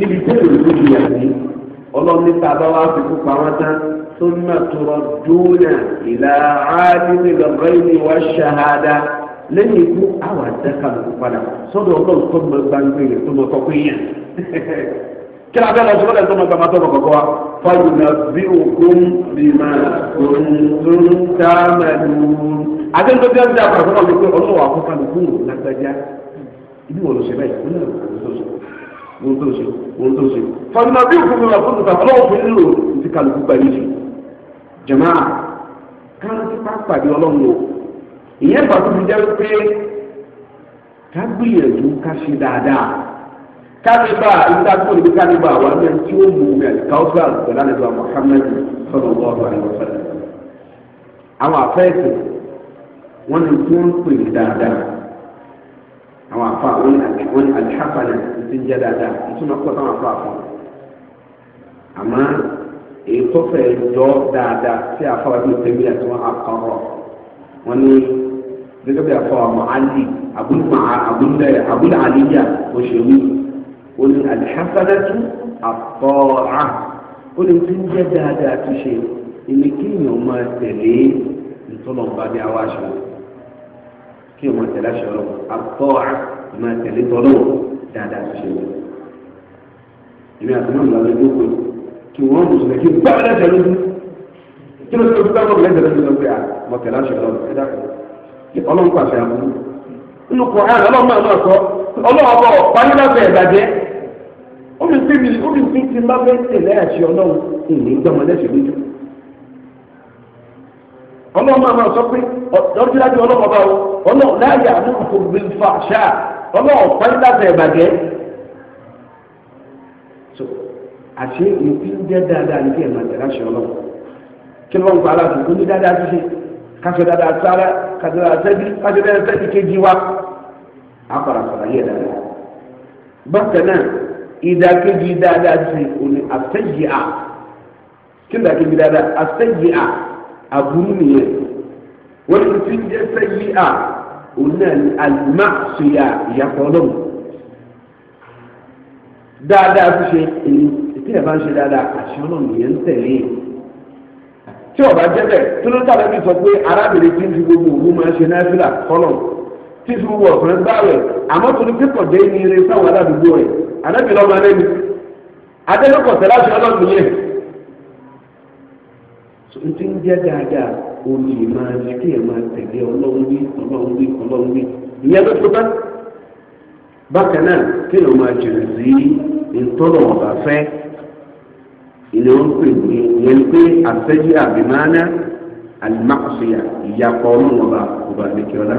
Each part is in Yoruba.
níbi tí èrò ló di àní ọlọ́run níta bá wá fi kópa wọn tán tó ní máa tọrọ dúnà ìlà áàdínlẹ̀ lọ́rọ́ ìní wá ṣahada lẹ́yìn ikú àwọn àdẹ́ka ló kó padà sọ́dọ̀ ọlọ́run tó mọ gbàgbé rẹ̀ tó mọ kọ́kọ́ yẹn kí ni abẹ́rẹ́ ọ̀ṣọ́ lọ́dẹ̀ tó mọ gbàgbé tó mọ kọ́kọ́ wa fọyín náà bí òkun bí máa tuntun táàmù àtẹnudọ́bí ọ̀dẹ́ àpàtàkùn náà ló pé ọlọ́wà fún kálukú wọn tó ṣe wọn tó ṣe fàmìlà bí òkú mi wà fún tòtà fọlọ́wọ́ fún nílò ní kálukú gba yìí jẹ̀má káńtì pàpàdé ọlọ́run o ìyẹn pàtó fi jẹ́ pé ká gbìyànjú ká ṣe dáadáa ká lè bá ìdá tó Muhammad sallallahu alaihi wasallam àwọn àfẹ́ẹ̀sì wọ́n ní tí wọ́n ń pè ní dáadáa. àwọn afọ wọn alihafa náà ti ń jẹ dáadáa ìtumọ̀ pọ̀ táwọn afa fún àmọ́ èyí tó fẹ́ jọ dáadáa tí afa wa tẹ̀mí àti wọn akọrọ wọn ní gẹ́gẹ́ bí afa wa mọ̀ ali abúlé aliya òṣèlú wọn ní alihafa náà tún àtọ́ra ó lè ti ń jẹ dáadáa ṣe máa tẹ̀lé ìtọ́nà bá bí awa kí o máa tẹ̀lé aṣọ ọlọ́wọ́ àtọ́wà máa tẹ̀lé tọ́lọ́wọ́ dáadáa ṣe wọ́n. èmi àti mọ́mí làwọn ẹgbẹ́ òkú kí wọ́n mú sílẹ̀ kí n bá ẹlẹ́jẹ̀ lójú kí ló tó bá mọ́mí lẹ́jẹ̀ lójú lọ́pẹ́ à mọ́ tẹ̀lé aṣọ ọlọ́wọ́ ẹ dákun ọlọ́run pàṣẹ àbúrú. inú kò hàn ọlọ́run máa máa sọ ọlọ́run ìní ọlọ́run máa máa sọ pé ọdúnlájú ọlọ́run ọba o ọlọ́run láàyè àdúgbò kò bí fa ṣá ọlọ́run ọ̀pẹ́ láti ẹ̀bàjẹ́. so àṣé ìpí ń jẹ́ dáadáa ní kí ẹ̀ máa tẹ̀lé àṣẹ ọlọ́run kí ló ń pa aláàbò ó ní dáadáa ṣíṣe káṣọ dáadáa sára káṣọ dáadáa sẹ́bí káṣọ dáadáa sẹ́bí kejì wa á padà sọ̀rọ̀ yẹ dáadáa. bákan náà ìdákejì dáadáa ṣe òní àtẹ́yìí à kí ìdákejì dáadáa àtẹ́yìí à aburú nìyẹn wọ́n ti fi ń jẹ́ sẹ́yìn à òun náà ní àlùmá ṣèyà ìyàpọ̀ ọlọ́run dáadáa tó ṣe èyí tí ẹ̀ bá ń ṣe dáadáa àṣẹ ọlọ́run nìyẹn ń tẹ̀lé tí ọba jẹ́bẹ̀ tó ló tàbí fi sọ pé arábìnrin tí ń fi gbogbo òun máa ń ṣe náírà kọ́lọ̀ tí fi gbogbo ọ̀sán gbá rẹ̀ àmọ́ torí pípọ̀ dé ní sáwọn aládùúgbò rẹ̀ anábìnrin ọmọ rẹ̀ ni adẹ́lẹ́kọ̀ọ́sẹ̀ láṣẹ ọlọ́run ntí ń jẹ́ dáadáa o lè máa ṣe kí ẹ máa tẹ̀lé ọlọ́run wí ọlọ́run wí ọlọ́run wí ìyẹn ló tó bá bákan náà kí ẹ máa jìnnà sí ntọ́nà ọ̀bà fẹ́ ìlẹ̀ wọn pè ní ìyẹn ni pé àfẹ́jì àbímáná alimakosiya ìyapọ̀ ọmọ ọba ọba àdékẹ́ọ́lá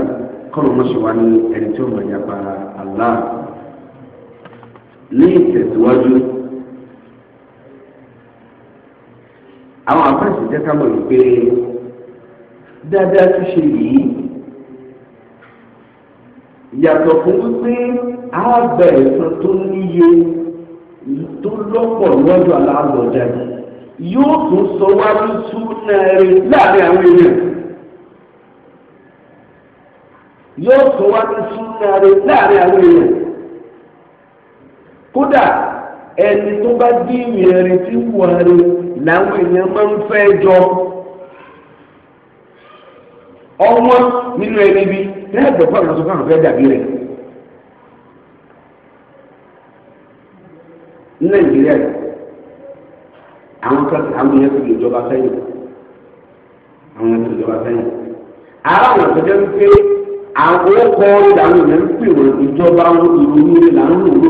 kọ́nà mọ́ṣẹ́ wa ní ẹni tí ó mọ̀ yapa Allah ní ìtẹ̀síwájú. àwọn àfẹ́sì jẹ́ ká mọ̀ wípé dáadáa tó ṣe yìí yàtọ̀ fún wípé ààbẹ̀ ẹ̀sán tó níye tó lọ́pọ̀ lọ́dọ̀ aláàbọ̀dá yóò tún sọ wá lóṣù náà rẹ̀ láàrin àwọn èèyàn yóò sọ wá lóṣù náà rẹ̀ láàrin àwọn èèyàn kódà. ẹni tó bá dí ìrìn tí wà rè làwọn èèyàn máa ń fẹ́ jọ ọmọ nínú ẹni bí lẹ́ẹ̀dọ̀ fún àwọn sọ́kàn fẹ́ dàbí rẹ̀ ní nàìjíríà àwọn kan àwọn èèyàn ti lè jọba sẹ́yìn àwọn èèyàn lè jọba sẹ́yìn ara àwọn ń pé àwọn ọkọ̀ ń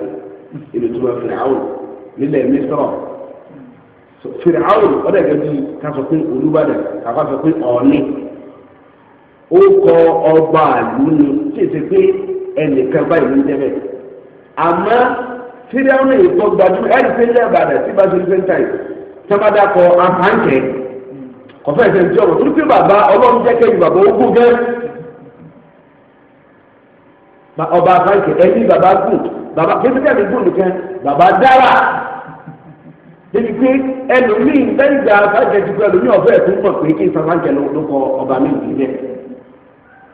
ìlú tó bá fìràwọ̀ nílẹ̀ mísírọ̀ fìràwọ̀ ọ̀dà gẹ́gẹ́ bí ká ka pé olúbàdàn kàfà sọ pé ọ̀ọ́nì kọ ọba àlù ni tí èsì pé ẹnìkan báyìí ló ń jẹ́ bẹ́ẹ̀ kọ àpáǹkẹ́ kọfẹ́ ẹ̀sẹ̀ ti ọ̀rọ̀ torí pé bàbá ọlọ́run jẹ́ kẹ́yìn bàbá kí ẹsẹ̀ mi dùn nìkan bàbá dára débi pé ẹlòmíì lẹ́yìn ìgbà àgbàjẹ ti pé ẹlòmíì ọ̀fẹ́ tó mọ̀ pé kí n sàmá jẹ ló kọ ọba mi nìyí jẹ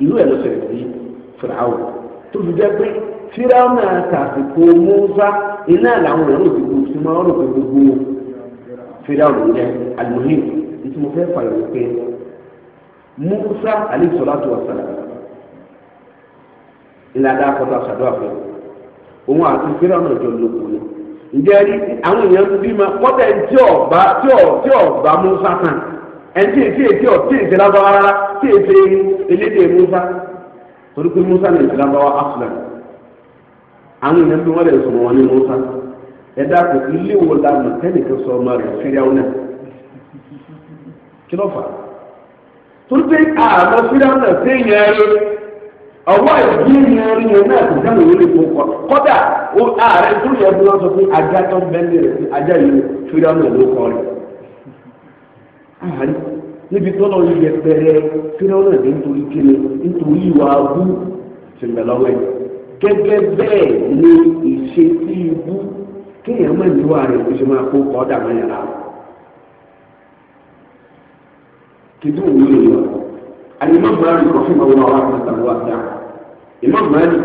ìlú ẹ̀ ló sọ̀rọ̀ sí fìràwù tó fi jẹ́ pé fìràwù náà tàbíkó mọ́sá iná làwọn èèyàn òsì gbogbo sí máa rò pé gbogbo fìràwù ló jẹ àlùmọ́hìn ìtì mo fẹ́ fàyọ̀ wípé mọ́sá alẹ́ sọ́lá tó sàlẹ̀ ìlànà akọ́tà sàdúrà fún òun àti fírámù ìjọ lókun ni ǹjẹ́ rí àwọn èèyàn ń bímọ kọ́tà tí ọ̀bá tí ọ̀bá musa kan ẹni tí èsì èsì ọ̀tí èsì lábáwá rárá tí èsì elédè musa torí pé musa ní èsì lábáwá àwọn èèyàn bí wọ́n lè sọ̀rọ̀ wọn ní ẹ dákun ilé wo la mọ̀ sọ ọmọ rẹ̀ fírámù náà kí ló fà torí pé náà sí ìyẹn ọwọ́ ìdí ìrìn yẹn náà kò sẹ́nu ìwé lè fún kọ kọ́dà ààrẹ tó yẹ fún wọn sọ pé ajá tó ń bẹ́ẹ̀ lè fún ajá yìí fúri ọ̀nà ló kọ́ rẹ̀ ààrẹ níbi tó lọ yẹ pẹrẹ fúri ọ̀nà lè nítorí kíni nítorí ìwà abú tìǹbẹ̀lọ́wẹ́ gẹ́gẹ́ bẹ́ẹ̀ ni ìṣe sí ibú kéèyàn máa ní wàá rẹ̀ kó ṣe máa kó kọ́ dà mọ́yà rà kìdúró yìí lọ àyè Imam Malik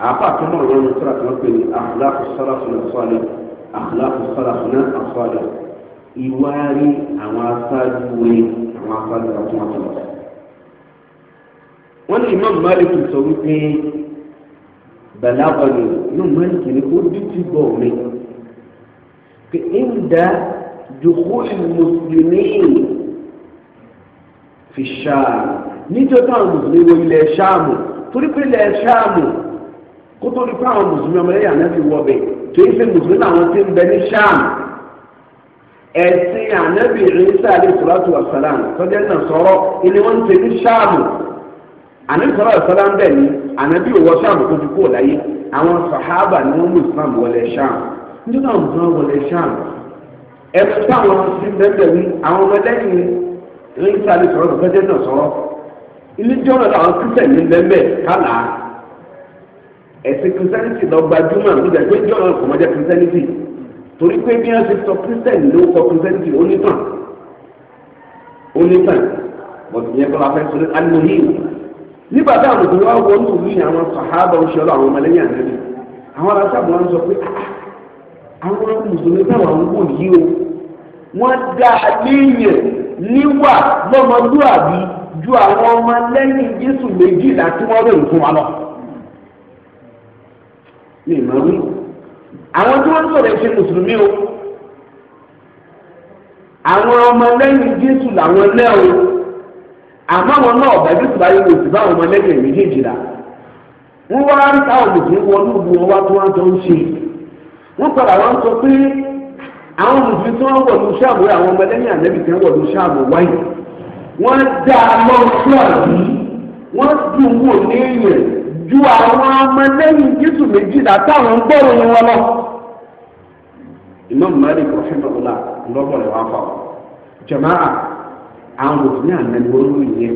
àpá àtúmọ̀ ọ̀rọ̀ ní sọ́ra tí wọ́n pè ní akhlaqus salafuna salih akhlaqus salafuna salih ìwárí àwọn aṣáájú wẹ̀ àwọn aṣáájú àtúmọ̀tọ̀. wọ́n ní Imam Malik sọ wípé balabani Imam Malik ní ó dúdú bọ̀ mi pé ń da dukhul muslimin fi ṣáà níjọ́ táwọn mùsùlùmí wọ ilẹ̀ ṣáàmù torí pé ilẹ̀ ṣáàmù kó tó rí pé àwọn mùsùlùmí ọmọlẹ́yìn ànábì wọbẹ̀ tó yẹ fẹ́ mùsùlùmí làwọn ti ń bẹ ní ṣáàmù ẹ̀sìn ànábì ìrìnsà àlẹ́ sọ́láàtù wàsálàm tọ́jú ẹ̀nà sọ̀rọ̀ ilé wọn ti ní ṣáàmù ànábì sọ́láàtù bẹ́ẹ̀ ni ànábì òwò ṣáàmù tó fi kúrò láyé àwọn sàhábà ni wọ́n mú ìsìlámù wọlé ṣáàmù nítorí àwọn mùsùlùmí wọlé ṣáàmù ẹ̀sìn táwọn ti bẹ́ẹ̀ bẹ́ẹ̀ ni àwọn ọmọlẹ́yìn ìrìnsà àlẹ́ sọ̀rọ̀ ilé tí ọ̀rọ̀ àwọn kristian ní bẹ́ẹ̀ kálá ẹ̀sìn kristianity lọ gbajúmọ̀ nígbà pé tí ọ̀rọ̀ kò mọ̀ jẹ́ kristianity torí pé bí wọ́n ṣe sọ kristian ló kọ kristianity onítàn onítàn bọ̀dùnyẹ́ kọ́lá fẹ́ sọ alóhìn nígbà táwọn mùsùlùmí wá wọ́n tún ní àwọn sàhábà ọ̀ṣẹ́ ọ̀rọ̀ àwọn ọmọlẹ́yìn ànábì àwọn aráṣàbò wọn sọ pé ah, ah, àwọn mùsùlùmí táwọn ń wò yìí o wọ́n dá léèyàn níwà lọ́mọdúàbí ju àwọn ọmọ lẹ́yìn Jésù méjìlá tí wọ́n rìn fún wa lọ. ní ìmọ̀ràn àwọn tí wọ́n sọ̀rọ̀ ẹ̀ṣẹ̀ mùsùlùmí o àwọn ọmọ lẹ́yìn Jésù làwọn o àmọ́ àwọn náà ọ̀bẹ bí tùbáyé wò sí báwọn ọmọ lẹ́yìn méjìlá wọ́n wá ń ta òmùsùn wọnú ìlú wọn wá tí wọ́n tó ń ṣe wọ́n padà wọ́n sọ pé àwọn mùsùlùmí tí wọ́n wọ̀ àwọn ọmọ lẹ́yìn wọ́n dá a lọ sọ́ọ̀bì wọ́n dùn wò ní ju àwọn ọmọ lẹ́yìn jésù méjìlá táwọn ń gbọ́rọ̀ wọn lọ. imam malik rahimahullah lọ́bọ̀rẹ̀ wá fà jama'a àwọn mùsùlùmí àná ni wọ́n lóyún yẹn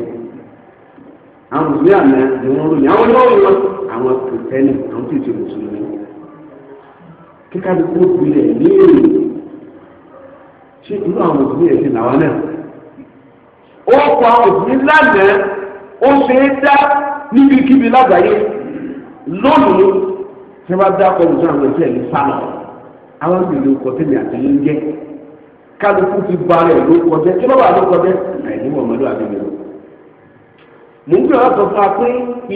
àwọn àná ni wọ́n àwọn yóò yọ àwọn àwọn tó ti kíkàdé kó ní èrè ṣé irú àwọn ó pa òbí lánàá ó ṣe é dá níbikíbi lágbàáyé lónìí tí wọ́n bá dá ọkọ̀ ìjọba àwọn ẹ̀jẹ̀ ní sálọ àwọn ìgbìlẹ̀ ọkọ̀ tẹ̀lé àtẹ̀yẹ ń jẹ́ kálukú ti ba rẹ̀ ló kọjá kí lọ́wọ́ àlọ́ kọjá àìní mọ̀ mọ́lú àbẹ̀yẹ lọ. mo ń gbìyànjú àtọ̀ fún wa pé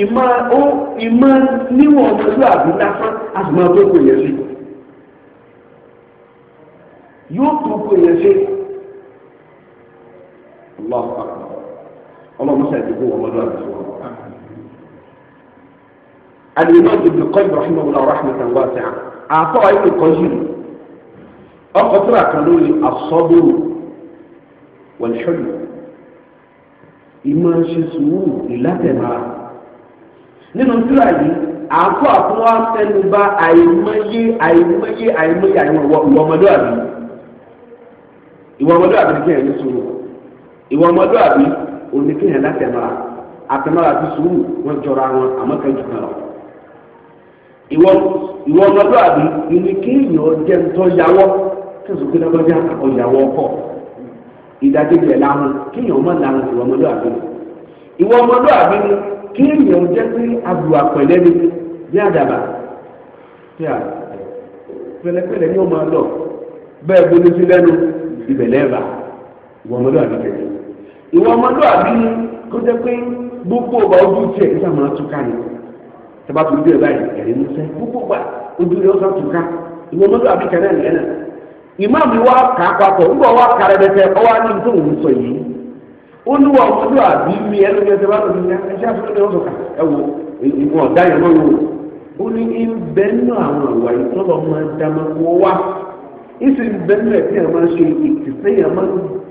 ìmọ̀ ó ìmọ̀ níwọ̀n mọ́lú àbí lásán a tó kò yẹn ṣe yóò tó kò yẹn ṣe. Allahu akbar ọlọ́run ṣàdúgbò wọn lọ́dọ̀ àti wọn. àlùmọ́ ìdùnnú kọ́ ìbùrọ̀hìn ọ̀hún ọ̀rọ̀ àhùnmẹ́ta wà sí à. àtọ́ ayé kọ́ yìí ọkọ̀ tó rà kan lórí asọ́bùrù wọ̀lẹ́ṣọ́lù ìmọ̀ ṣe sùúrù ìlàtẹ̀mára. nínú tíra yìí àtọ́ àtúnwá tẹnuba àìmọye àìmọye ìwọ ọmọdé àbí oníkéyàn látẹ̀mọ́ra àtẹ̀mọ́ra ti sùúrù wọn jọra wọn àmọ́ jù ìwọ ọmọdé àbí kẹsùn kí ọmọ ìwọ ọmọdé àbí ìwọ ọmọdé àbí pé ni ní àdàbà tí a pẹ̀lẹ́pẹ̀lẹ́ ni ó máa lọ bẹ́ẹ̀ bolo sí lẹ́nu ìbẹ̀lẹ́ bá ìwọ ọmọdé àbí ìwọ ọmọlúwàbí ni kó pé gbogbo ọba ojú ní sàmà túká ni tẹ́bá tó dé báyìí ẹ̀rí ń gbogbo ọba ojú rẹ̀ ọ̀sán ìwọ ọmọlúwàbí ìmáàmù wa wa bẹ́tẹ̀ ọwọ́ ní òun sọ yìí ó ní ọmọlúwàbí mi tó dé yẹn náà wò ó ní bẹ nínú àwọn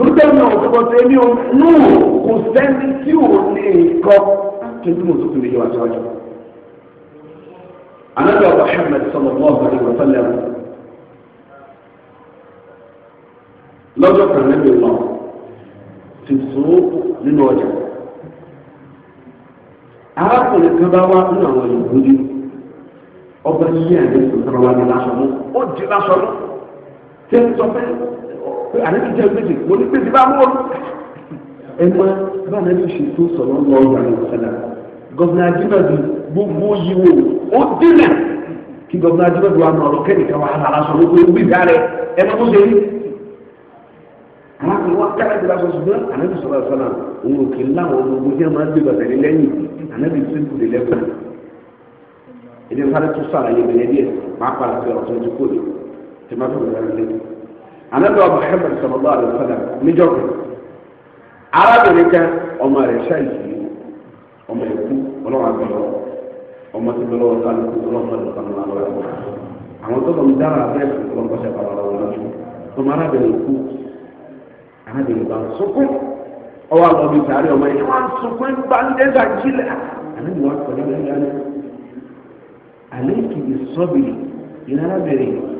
torípé mi ò sọ pé mi ò nù kò sẹ́ni tí ò lè kọ́ kí n tí mo tó tún lè yẹ wá síwájú. Ànábì ọba Ahmed sallallahu alaihi wa sallam lọ́jọ́ kan lẹ́nu ìlọ ti sòó nínú ọjà. Arákùnrin kan bá wá nínú àwọn ìlú ní ọba yíyá ẹ̀dẹ́sùn sọ̀rọ̀ wá ní lásọ̀mú ó di lásọ̀mú tí ń sọ pé àlejò jẹ́ gbèsè mo ní gbèsè bá mú o. ẹ mọ bá àlejò ṣe tó sọ̀rọ̀ lọ ìyàwó sẹ́lá gọ́vùnà àdìmọ̀dì gbogbo yìí wò ó dínà kí gọ́vùnà àdìmọ̀dì wà nà ọ̀rọ̀ kẹ́nìkan wà hàn aláṣọ ló pé gbèsè rẹ ẹ mọ bóṣe rí. alákùnrin wa kára ìdílé aṣọ ṣùgbọ́n àlejò sọ̀rọ̀ sọ̀rọ̀ òun ò kì í láwọn ọmọ ogun tí máa ń gbé anabi ọba Muhammad sallallahu alaihi wasallam níjọ kan arábìnrin kan ọmọ rẹ ṣáìsì ọmọ ẹkú ọlọ́wọ́ àgbẹ̀lọ́ ọmọ tí bẹ̀rẹ̀ ọ̀tá ló kú ọlọ́wọ́ àgbẹ̀lọ́ ọmọ àlọ́ ẹ̀kọ́ àwọn tó lọ́n dára abẹ́ ẹ̀kọ́ ọ̀kọ́ṣẹ́ pàrọ̀ ọ̀rọ̀ lọ́jọ́ ọmọ arábìnrin kú arábìnrin bá sọkún ọwọ́ àlọ́ mi sàárè ọmọ yẹn wọ́n sọkún bá ń dé sàkílẹ̀ àlejò wa kọ̀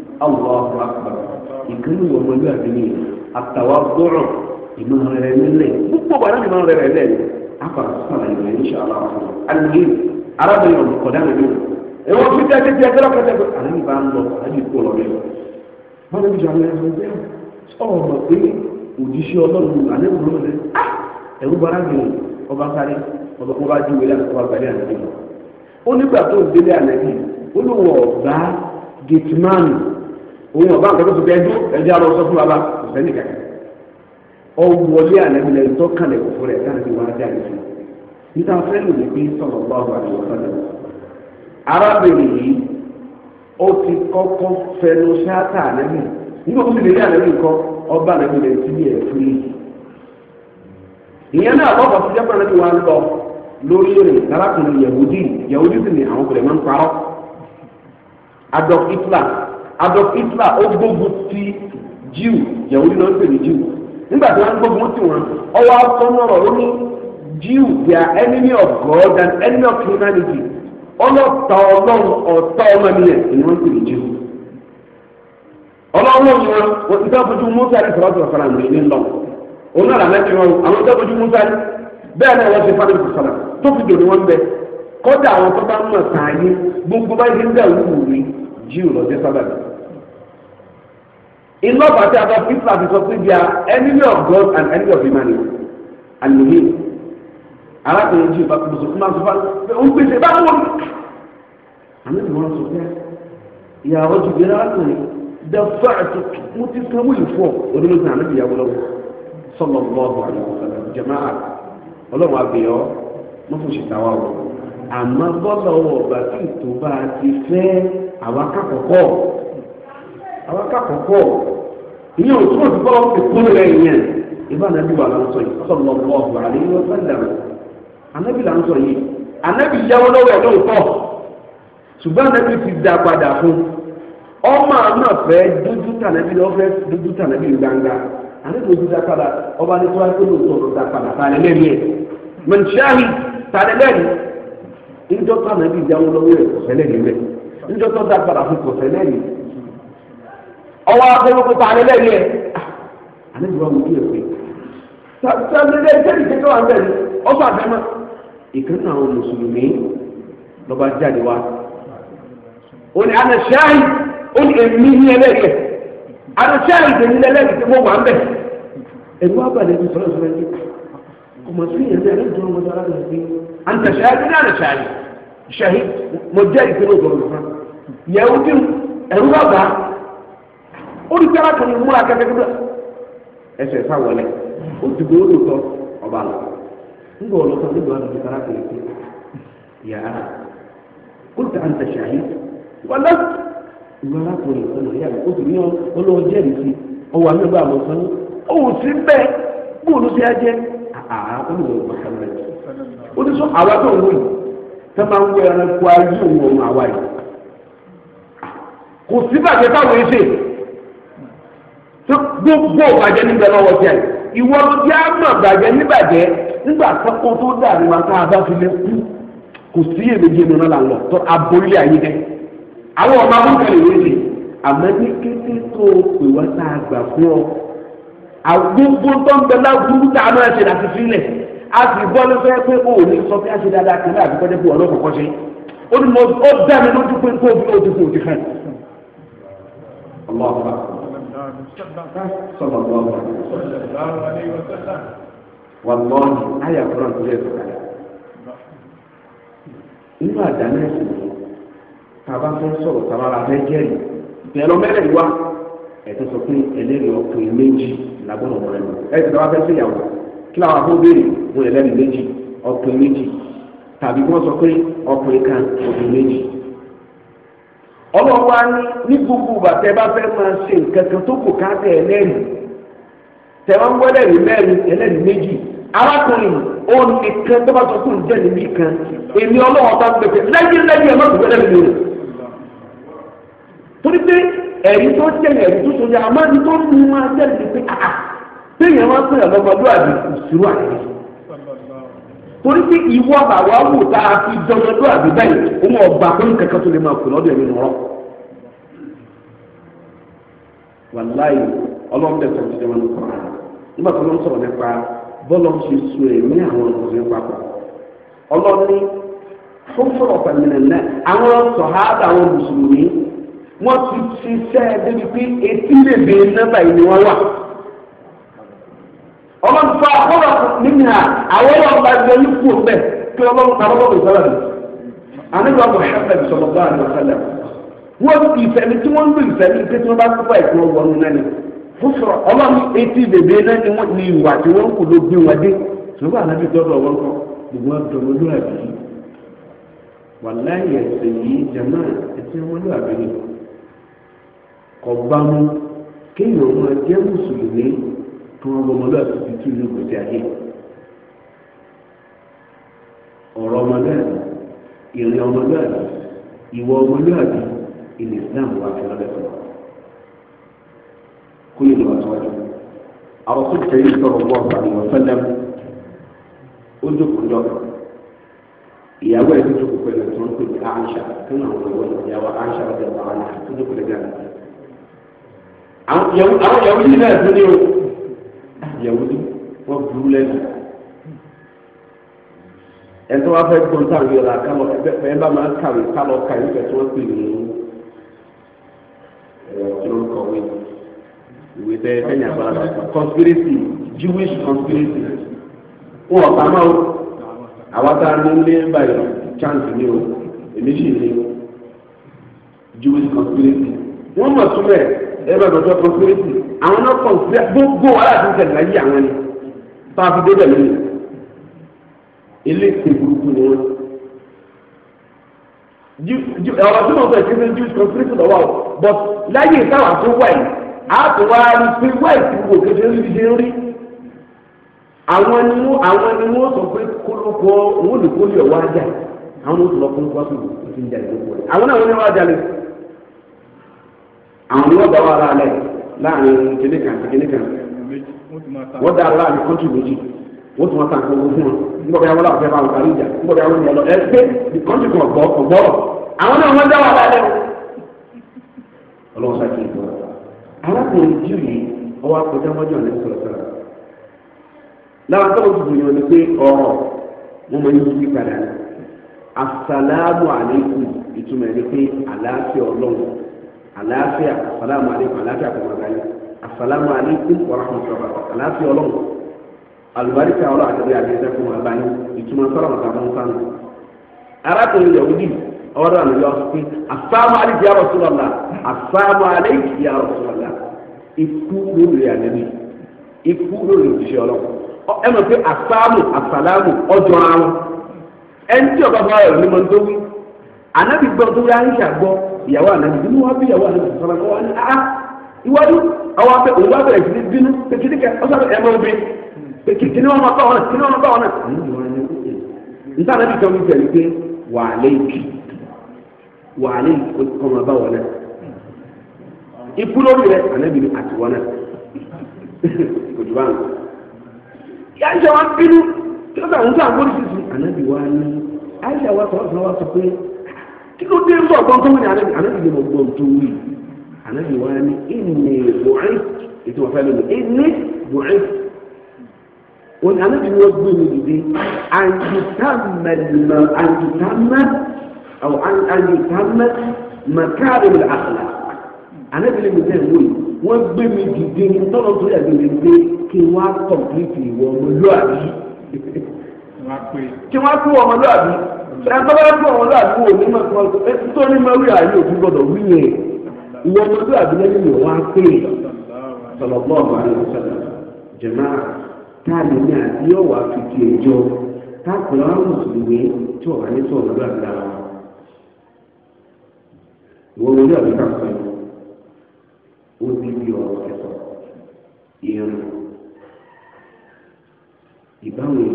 Allahu akbar ìkànnì wọ̀ pẹ̀lú àdínní àtàwà gbọ́rọ̀ ìmọ̀ rẹ̀ nílẹ̀ púpọ̀ bàrà ni máa rẹ̀ rẹ̀ lẹ̀ afara sọ̀rọ̀ ìmọ̀ ẹ̀ insha Allah alùpùpù arábìnrin ọ̀dùn kọ̀dá mi lónìí ẹ̀wọ̀n fi dá tẹ́tí ẹgbẹ́rẹ́ kọjá pé àná ìbá ń lọ àyè kó lọ rẹ̀ wọn níbi ìjọba ẹ̀ ẹ̀ sọ̀rọ̀ mọ̀ pé òjíṣẹ́ ọlọ́run àná ìwúrọ̀ rẹ̀ ẹ̀rú bọ́ra mi ah! ọba sáré ọba kó bá ju ìwé láti wá gbalẹ̀ àná ìwúrọ̀ ó nígbà tó ń délé àná yìí ó ló wọ̀ ọ̀gá gẹ̀tìmánì òun ọba nǹkan tó tó kẹjú ẹjẹ alọ sọ fún baba kò sẹ́ni kàkà ọ wọlé àlẹbi lẹ́yìn tó kàn lẹ́yìn fún rẹ káàdì wọn ajá yìí fún níta fẹnu lè fi sọlọ bá wà ní ọsán lẹ arábìnrin yìí ó ti kọ́kọ́ fẹnu ṣáàtà àlẹbi nígbà tó ti lè rí àlẹbi nǹkan ọba àlẹbi lẹ́yìn tí bí ẹ yìí ìyẹn náà lọ́kọ̀ sí jẹ́pọ̀ lẹ́bi wọn lọ lórí rẹ̀ lárakùnrin yahudi yahudi sì ni àwọn kò Adolf Hitler ó gbógun ti Jew Yahudi ló ń pè ní Jew nígbà tí wọ́n gbógun ti wọn ọwọ́ asọ́nọ̀rọ̀ ó ní Jew they are enemy of God and enemy of humanity ọlọ́ta ọlọ́run ọ̀tá ọmọnìyàn ni wọ́n pè ní Jew ọlọ́run yìí wọn wọ́n ti dábòjú Musa ní sọ̀rọ̀ sọ̀rọ̀ sọ̀rọ̀ àmì ní lọ òun náà lànà ti wọn àwọn dábòjú Musa ní bẹ́ẹ̀ náà wọ́n ti fáwọn ìfọ̀sọ̀rọ̀ tó fi dòdò wọn bẹ́ẹ̀ kọ́dà àwọn tó bá ń mọ̀ sáyé gbogbo báyìí ń dà wúwo ní Jew lọ́jọ́ sábàbí. In love, iná bàtí àbá fífà fi sọ they are enemy of God and enemy of humanity And you, àlùmí arákùnrin jí ìbá kùsùn fún máa ń sọ fún un pèsè bá wọn. àmì ìwọ́n sọ pé ìyàwó ti gbé arákùnrin dẹ́fà àti mo ti san wíìlì fún ọ onímọ̀ sàn àmì ìyàwó lọ́wọ́ sọlọ lọ́ọ̀bù àlùmọ̀ jẹ̀máà ọlọ́run àgbẹ̀yọ́ mo fò ṣètà wa wọ̀ àmọ́ bọ́lá ọwọ́ ọ̀gbà tí ìtò bá ti fẹ́ àwọn akẹ́kọ̀ọ́ àwọn akẹ́kọ̀ọ́ ìyẹn ò túbọ̀ túbọ̀ ìkún rẹ̀ yẹn ìbá anabi wà lọ́sọ yìí sọ̀rọ̀ lọ́wọ́ àlẹ́ yìí wọ́n fẹ́ lẹ́rọ̀ anabi là ń sọ yìí anabi yáwó lọ́wọ́ ẹ̀ lóòótọ́ ṣùgbọ́n anabi ti dá padà fún ọmọ àná fẹ́ dúdú tànàbí lọ́wọ́ fẹ́ dúdú tànàbí gbangba anabi ò ti dá padà ọba ní tíwájú ló sọ ló dá padà tàlẹ́ lẹ́nu ẹ̀ mọ̀nsáhì tàlẹ́ lẹ́nu ńjọ́ tànàbí yáwó lọ́wọ́ ọwọ́ akọ́lùkù ta ni lẹ́yìn ẹ̀ ah, àní ìwà wò ó yẹ pé sàbẹ̀lẹ̀ ìjẹ́bi kékeré wà bẹ́ẹ̀ ni ọ̀sọ̀ àdámà ìkànnì àwọn mùsùlùmí lọ́ba jáde wá ó ní àná ṣáì ó ní èmi ní ẹlẹ́yìn àná ṣáì èmi ní ẹlẹ́yìn tí wọ́n wà bẹ́ẹ̀ ẹ̀rú abalẹ̀ ti sọ̀rọ̀ sọ̀rọ̀ yìí ọmọ sí yẹn ní ẹlẹ́dùn ọmọ sọ̀rọ̀ rẹ̀ sí àǹtà ṣáì ní àná ṣáì ṣáì mo jẹ́ ìpínlẹ̀ ògbọ̀n olùsí arákùnrin múra kẹtẹkẹtẹ ẹsẹ sáwọlẹ òtùgbò olùtọ ọba lọ ńgbà ọlọtọ nígbà wọn lùsí arákùnrin pé yà á kóòtù à ń tẹsẹ ayé wọlé ìwé arákùnrin ọlọ yà kó tó ní ọlọwọ jẹrìí sí ọwọ àmì ọgbà àwọn sọ ní òun sí bẹ́ẹ̀ bóòlù sí ajẹ àhà olùwọ ọgbà sọlẹ ó ti sọ àwa tó ń wọ yìí tẹ máa ń wọ ẹranko ayé òun ọmọ àwa yìí kò táwọn gbogbo bàjẹ́ níbẹ̀ lọ́wọ́ jẹ́ ìwọ jẹ́ àmọ̀ bàjẹ́ níbàjẹ́ nígbà kọ́kọ́ tó dàbí wa tá a bá fi lé kú kò sí èméjì nínú la lọ tó aborí ayé dẹ àwọn ọmọ abúlé ìwé ni àmọ́ ní kété tó pè wá tá a gbà fún ọ àgbógbó tó ń bẹ lágbúrú tá a máa ṣe láti sílẹ̀ a sì bọ́ ló fẹ́ pé o ò ní sọ pé a ṣe dáadáa kí náà àbíkọ́jẹ́ pé ọ̀rọ̀ kọ̀ọ̀kan ṣe ó ní mo ó dá mi lójú pé kó o bí o ti kó o sallallahu alaihi wasallam wàlọ́ọ̀nì ayà kúrò nílé ìfọ̀kàlẹ̀. nínú àdáni ẹ̀sìn tàbá fẹ́ sọ̀rọ̀ tàbá la fẹ́ jẹ́rìí bẹ̀rù mẹ́rẹ̀ wá ẹ̀tọ́ sọ pé ẹlẹ́rìí ọkùnrin méjì làgbọ́dọ̀ wọ̀ ẹ̀mọ́ ẹ̀sìn tàbá fẹ́ sèyàwó kí làwọn abó béèrè wọ́n ẹlẹ́rìí méjì ọkùnrin méjì tàbí wọ́n sọ pé ọkùnrin kan ọkùnrin méjì ọlọ́wọ́ á ní ní gbogbo bàtẹ́ bá fẹ́ máa ṣe nǹkan kan tó kò káńtẹ́ ẹlẹ́rìí tẹ̀wọ́n ń gbọ́dẹ̀rì mẹ́rin ẹlẹ́rìí méjì arákùnrin òun nìkan tó bá níbí kan èmi ọlọ́wọ́ bá lẹ́yìn lẹ́yìn ẹ̀ má torí pé ẹ̀rí tó jẹ́ ẹ̀rí tó sọ mú máa jẹ́ àà téèyàn máa pè torí pé ìwọ bàbá wò tá a fi dọdọdọ àbíbá yìí òun ọgbà pé nǹkan kan tó lè máa kù lọ́dọ̀ ẹ̀mí nìrọ̀. wàláyé ọlọ́run bẹ̀ sọ̀rọ̀ ṣẹ̀wọ̀n ní kọ́ra nígbà tó ló ń sọ̀rọ̀ nípa bọ́ọ̀lù ṣe so ẹ̀mí àwọn ọ̀sẹ̀ papọ̀ ọlọ́run ní fún fọ̀rọ̀ pẹ̀lẹ́nẹ̀ náà àwọn sọ̀háàbà àwọn mùsùlùmí wọ́n ti ṣiṣẹ́ débi pé etí lè bẹ̀rẹ̀ nọ́mbà yìí ni wọ́n àwọn ọlọ́run bá gbé yín kúrò bẹ́ẹ̀ kí ọlọ́run ta ọlọ́run ìsọ́lá mi. àníwá Muhammad sallallahu alaihi wasallam wọ́n ti ìfẹ́mi tí wọ́n ń lo ìfẹ́mi pé tí wọ́n bá kópa ìfẹ́ wọn nù náà ni fúnfúnra ọlọ́run etí bèbè náà ni wọ́n ní ìwà tí wọ́n kò ló gbé wọn dé ṣùgbọ́n ànábì dọ́dọ̀ wọn kọ́ ìwọ́n dọ̀wọ́ ló àbí wàláyé ọ̀rọ̀ ọmọlúwàbí ìrìn ọmọlúwàbí ìwọ ọmọlúwàbí ilẹ̀ islam wà fẹ́ lọ́dẹ̀ fún wa kó yẹ lọ́wọ́ síwájú. àwọn tó tẹ̀lé sọ̀rọ̀ bọ́ ọ̀gbà ni wọ́n fẹ́lẹ́ mu ó jókòó jọ ìyàwó ẹ̀ tó jókòó pẹ̀lú tó ń pè ní Aisha tó náà wọ́n wọ́n ìyàwó Aisha ọ̀dẹ̀ wà á náà tó lẹ́gà náà. àwọn ìyàwó yìí náà ẹni tó wá fẹ́ gbọ́n tá à ń yọ ẹ bá máa ń kàwé kálọ̀ ka yìí fẹ́ tí wọ́n pè ní ìrọ̀kọ̀wé ìwé bẹ́ẹ̀ fẹ́yìn àgbàlagbà conspiracy Jewish conspiracy wọn ọ̀tá máa ń àwọn tá ní ilé báyìí chance ni o èmi sì ní Jewish conspiracy wọ́n mọ̀ túmẹ̀ ẹ bá dọ̀tọ̀ conspiracy àwọn náà kọ̀ gbogbo aláàbí tẹ̀lé ayé àwọn ni bá a fi débẹ̀ lónìí. eléèké burúkú ni wọn. ọ̀rọ̀ tí mo sọ ìṣẹ́ ní jewish constitution lọ́wọ́ o but láyé tó a tó wá rí pé kò kéde rí ṣe rí àwọn ni wọn àwọn ni wọn sọ pé kólókó wọn lè kó yọ wá jà àwọn ló sọ̀rọ̀ fún wákò ìdí ìjà ìdókòwò rẹ̀ àwọn náà wọn ni wọn jà lẹ àwọn ni wọn bá wà láàrin kìnìkan kìnìkan wọ́n tún wọn ta nǹkan ogun fún wọn nígbà bí bá wọn parí ìjà nígbà bí lọ ẹ kan ọ̀gbọ́ àwọn náà wọ́n gbọ́ arákùnrin jù yìí ọwọ́ akọjá ni pé ọ̀rọ̀ wọn padà asàlámù àlékún ìtumọ̀ ẹni pé àlùbáríkà ọlọ́ àtẹ̀lé àgbẹ̀sẹ̀ fún wọn báyìí ìtumọ̀ sọ̀rọ̀ nǹkan fún sánà. arákùnrin yahudi ọ̀rọ̀ àná yọ sí asaamu aleyhi ya rasulallah asaamu aleyhi ya rasulallah ikú lórí ànábi ikú lórí òṣìṣẹ́ ọlọ́ ẹ mọ̀ pé asaamu asalamu ọjọ́ àwọn ẹni tí ọba fún ayọ̀ ní mọ̀ tó wí ànábi gbọ́ tó yá ayíṣà gbọ́ ìyàwó ànábi bí wọ́n bí ìyàwó ànábi sọ̀rọ̀ kọ́ wọn ni ah iwájú àwọn afẹ́ òun wá bẹ̀rẹ̀ bínú kékeré kẹ́ kìkì ni wọn bá wọn náà ni wọn bá nta anabi bí kan bí jẹ̀lú pé wà á léèkì wà á léèkì kọ́ máa bá wọn náà. ikú lórí rẹ ànábì àti wọn náà kò jù bá wọn. yáyà wa bínú kí ló dà ń sọ àgbórí sísè ànábì sọ pé kí ló dé gbọ́n tó wù wọn àná tí wọn gbé mi dìde àǹtìtàmẹlìmọ àǹtìtàmẹ ọ àǹtìtàmẹ màkàrin àkàlà àná tí wọn gbé mi wọn gbé mi dìde tọ́lọ́ tó yà gbé mi dìde kí wọ́n á kọ̀m̀pìlìtì wọn lọ́àbí kí wọ́n á kú wọn lọ́àbí ẹgbẹ́ fún ọmọ náà kú òní máa kọ́ ẹ tó ní máa wí òfin gbọ́dọ̀ wí yẹn ìwọ ọmọ náà àbí lẹ́yìn ìwọ wá pè é sọlọ́gbọ́n ọmọ àyè òṣèlú jẹ̀máà táàlì ní àti yóò wá fìdí ẹjọ́ táàkùnrin àwọn mùsùlùmí tí wọn wà ní sọ ọdún àgbà wọn. ìwọ wọlé ọdún kan sọ yìí ó ti di ọ̀rọ̀ ẹsọ ìrìn ìbáwọn èèyàn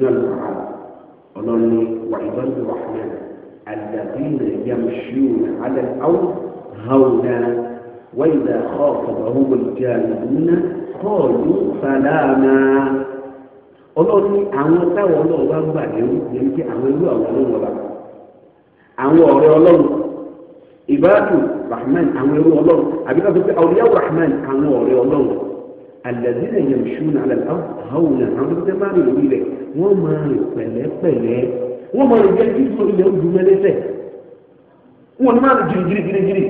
nínú àlùkò ọlọ́ni wà ìbánu àdàbí ìrìn yàmùsùn àdàbí àwọn hàn náà. وإذا خاطبهم الجاهلون قالوا سلاما ọlọ́run ní àwọn táwọn ọlọ́run bá ń bà ní ní ní àwọn irú àwọn ọlọ́run ọba àwọn ọ̀rẹ́ ọlọ́run ìbáàdù rahman àwọn irú ọlọ́run àbíká tó fi awliyaw rahman àwọn ọ̀rẹ́ ọlọ́run alladhina yamshuna ala al-ardi hawna àwọn tó fẹ́ bá rìn lórí rẹ̀ wọ́n máa rìn pẹ̀lẹ́pẹ̀lẹ́ wọ́n máa rìn jẹ́ kí sórí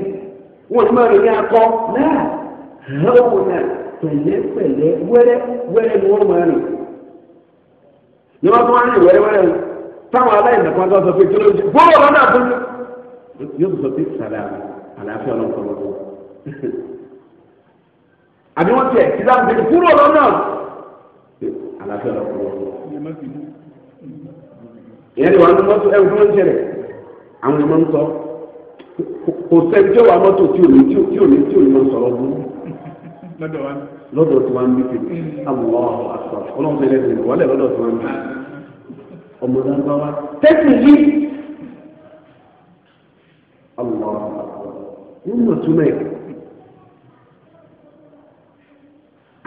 wọn ti máa rìn ní akọ náà hẹ́wọ̀n náà pẹ̀lẹ́pẹ̀lẹ́ wẹ́rẹ́ wẹ́rẹ́ ni wọ́n máa rìn ní wọ́n tún wá rìn wẹ́rẹ́wẹ́rẹ́ táwọn aláìmọ̀kan tó sọ pé kí ló ń ṣe bóòlù lọ́nà àbúrò yóò sọ pé sàlámù àlàáfíà ọlọ́pọ̀lọpọ̀ àbí wọ́n tiẹ̀ ti dáhùn pé kúrò lọ́nà àlàáfíà ìyẹn ni ẹ̀rù kò sẹ́ni tí ó wà mọ́tò tí ò ní tí ò ní tí ò ní tí ò ní máa sọ̀rọ̀ bú. lọ́dọ̀ tí wọ́n ń bí kiri àwọ̀ àṣà ọlọ́run tẹ́lẹ̀ tẹ́lẹ̀ wọlé lọ́dọ̀ tí wọ́n ń bí ọmọ dáńgbá wa tẹ́sí yí. àwọ̀ ń mọ̀ túmọ̀ ẹ̀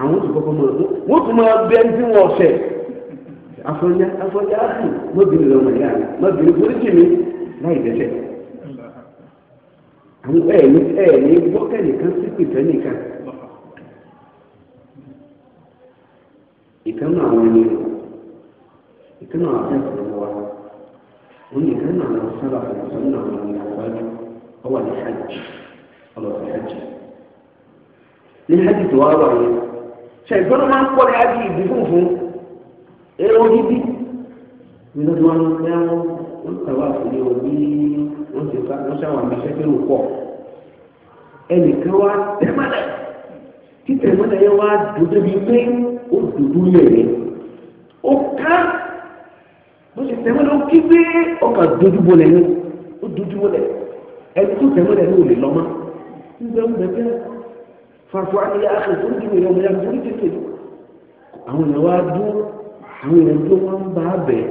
àwọn tó kọ́kọ́ mọ̀ ọ́ wọ́n tún máa bẹ ẹni tí wọ́n fẹ́ afọ́njá afọ́njá á sì mọ́bìnrin lọ́mọ àwọn ẹ̀ẹ́ni ẹ̀ẹ́ni gbọ́kẹ̀nìkan sí pìtẹ́nìkan ìkànnà àwọn ẹni rẹ̀ ìkànnà àwọn ẹ̀sìn wa wọn ni ìkànnà àwọn sábà fẹ̀sọ̀ nínú àwọn ẹni àgbájú ní hajj ọlọ́sẹ̀ hajj ní hajj tó wá wà yẹn ṣẹ̀gbọ́n máa ń pọ̀ ní hajj ìdí funfun èrò dídí ní lọ́dún wọn ní wọ́n ń àfẹ́lẹ́ wọn bíi. wọ́n ti sá wọ́n ṣàwọn àgbàṣẹ́ pé ó pọ̀ ẹnìkan wá tẹ́mọ́lẹ̀ títẹ̀ mọ́lẹ̀ yẹn wá dúdú bíi pé ó dúdú lẹ̀ yẹn ó ká bó ṣe tẹ́mọ́lẹ̀ ó kí pé ó kà dúdú bọ́lẹ̀ yẹn ó dúdú bọ́lẹ̀ ẹni tó tẹ́mọ́lẹ̀ yẹn ò lè lọ́mọ́ nígbà wọn bẹ̀rẹ̀ fàfọ́ àyè àkè tó ń dìbò yẹn wọ́n yà tètè àwọn èèyàn wá dúró àwọn èèyàn tó wọ́n ń bá bẹ̀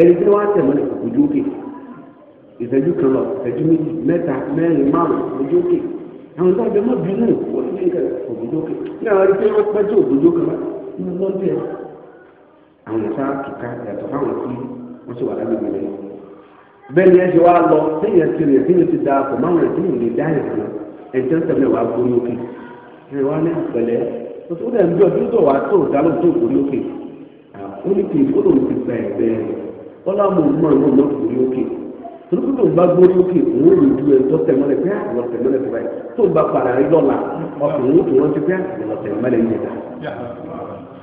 ẹni tó wá tẹ̀mọ́lẹ̀ kò ìṣẹ́jú kan lọ ìṣẹ́jú méjì mẹ́ta mẹ́rin márùn ojú òkè àwọn tó àjọ máa bínú wọ́n ti ń kẹ́ òbójú òkè ní àwọn ẹni pé wọ́n pẹ́ tó òbójú òkè wá ní wọ́n tẹ̀ àwọn ìṣá kìka yàtọ̀ fáwọn tí wọ́n ti wà lágbègbè rẹ̀ bẹ́ẹ̀ ni ẹ ṣe wá lọ téèyàn ti rìn téèyàn ti da ọkọ̀ máwọn ẹ̀sìn ìlè dá ìrìn ẹ̀jẹ̀ ń tẹ̀lé wàá gorí òkè ẹ̀rìn wá ní àpẹẹlẹ ó dẹ̀ ń bí ọdún tó wàá tó dá torí tó bá gbórí òkè òun ò lè ju ẹ tó tẹmọlẹ pé àwọn ah, tẹmọlẹ tó báyìí tó bá padà rí lọ́la ọkùnrin tó rántí pé àwọn ah, tẹmọlẹ ń yẹta.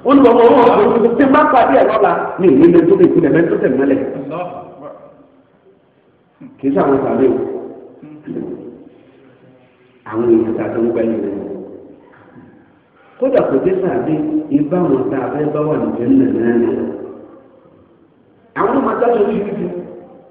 ó ní ọmọ wọn kò tí má pàdé ẹ lọ́la ní ìlú ilé tó lè kú lẹ́mẹ́ tó tẹmọlẹ. kì í sàwọn sàlẹ̀ o àwọn èèyàn tá a tó ń gbẹ́ yìí lẹ́nu. kódà kò dé sàbí ibà wọn tá a fẹ́ bá wà nìjẹ́ nìyẹn náà. àwọn ọmọ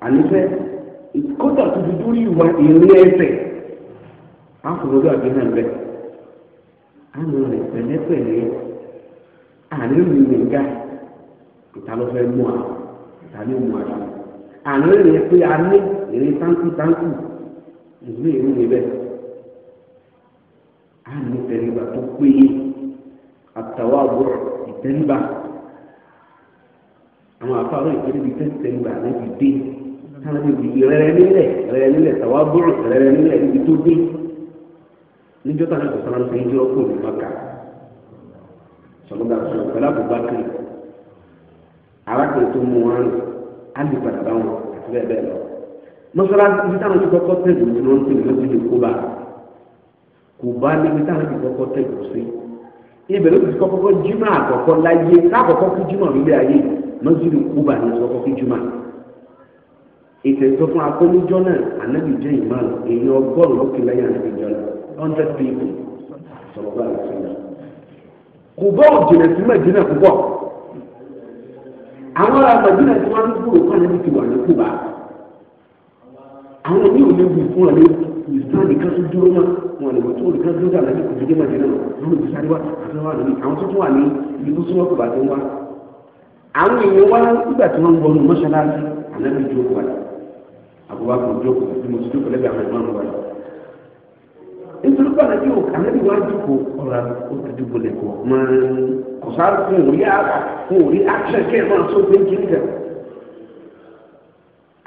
ànífẹ́ kódà tó fi dúró ìwà ìrìn ẹsẹ̀ àfọlọ́dọ̀ àbí náà bẹ̀ àmì rẹ̀ pẹ̀lẹ́pẹ̀lẹ́ àní rìn nìga ìtàlọ́fẹ́ mú a ìtàlẹ́ mú a dà àní rìn pé a ní ìrìn táǹkù táǹkù ìlú ìlú níbẹ̀ àmì tẹ̀lébà tó péye àtàwọn àbúrò ìtẹ̀lébà àwọn afárò ìtẹ̀lébà tẹ̀lébà lẹ́bi dé sábẹ́ ìdìbò rẹ̀rẹ̀ nílẹ̀ rẹ̀rẹ̀ nílẹ̀ tàwa bọ̀rọ̀ rẹ̀rẹ̀ nílẹ̀ ibi tó dé níjọ́ táwọn ẹ̀kọ́ sára ṣe ń jọ́ kó ní maka sọlọ́dà sọ̀rọ̀ pẹ̀lú àbúgbà kiri arákùnrin tó mú wọn á lè padà bá wọn àti bẹ́ẹ̀ bẹ́ẹ̀ lọ mọ́sálásí ibi táwọn ti kọ́kọ́ tẹ̀gùn ní wọ́n ń tẹ̀gùn lọ́sí ní kóbá kò bá níbi táwọn ti kọ́kọ́ tẹ̀gùn sí ibẹ̀ ló ti kọ́kọ́ jímọ̀ àkọ́kọ́ láyé lákọ̀ọ́kọ́ kí jímọ̀ nílé ayé lọ́sí ní kóbá ní kọ́kọ́ ìtẹ̀sọ́ fún akọ́nijọ́ náà ànábì jẹ́ ìmáàmù èyí ọgọ́rùn-ún lókè lẹ́yìn ànábì jọ náà hundred people sọ̀rọ̀ bá àlùfẹ́ náà. kò bọ́ òjìnà sí mẹ́jìnà púpọ̀ àwọn ará mẹ́jìnà tí wọ́n ń gbúrò fún ànábì ti wà ní kúbà àwọn oní òní wù fún àlẹ́ ìsáàdì kan tó dúró náà wọn lè wọ́n tó nìkan dúró dà lẹ́yìn kòtò dé mẹ́jìnà lórí ìsáàdì wa àti wọn àlẹ́ àwọn tó tún wà ní ìlú súnmọ́ kòbá tó wá àwọn èèyàn wá nígbà tí wọ́n ń bọ̀ nù mọ́ṣáláṣí ànábì jókòó àlẹ́ Abubakar jókòó tí mo ti jókòó lẹ́gbẹ̀ẹ́ àwọn ìmọ̀ àwọn ọ̀rọ̀. nítorí pé àlejò àlejò wa jókòó ọ̀rọ̀ òdòdó bolẹ̀ kọ̀ máa ń kọ̀sá fún òrí àgbà fún òrí àtẹ̀kẹ́ máa sọ pé kí n kẹ̀.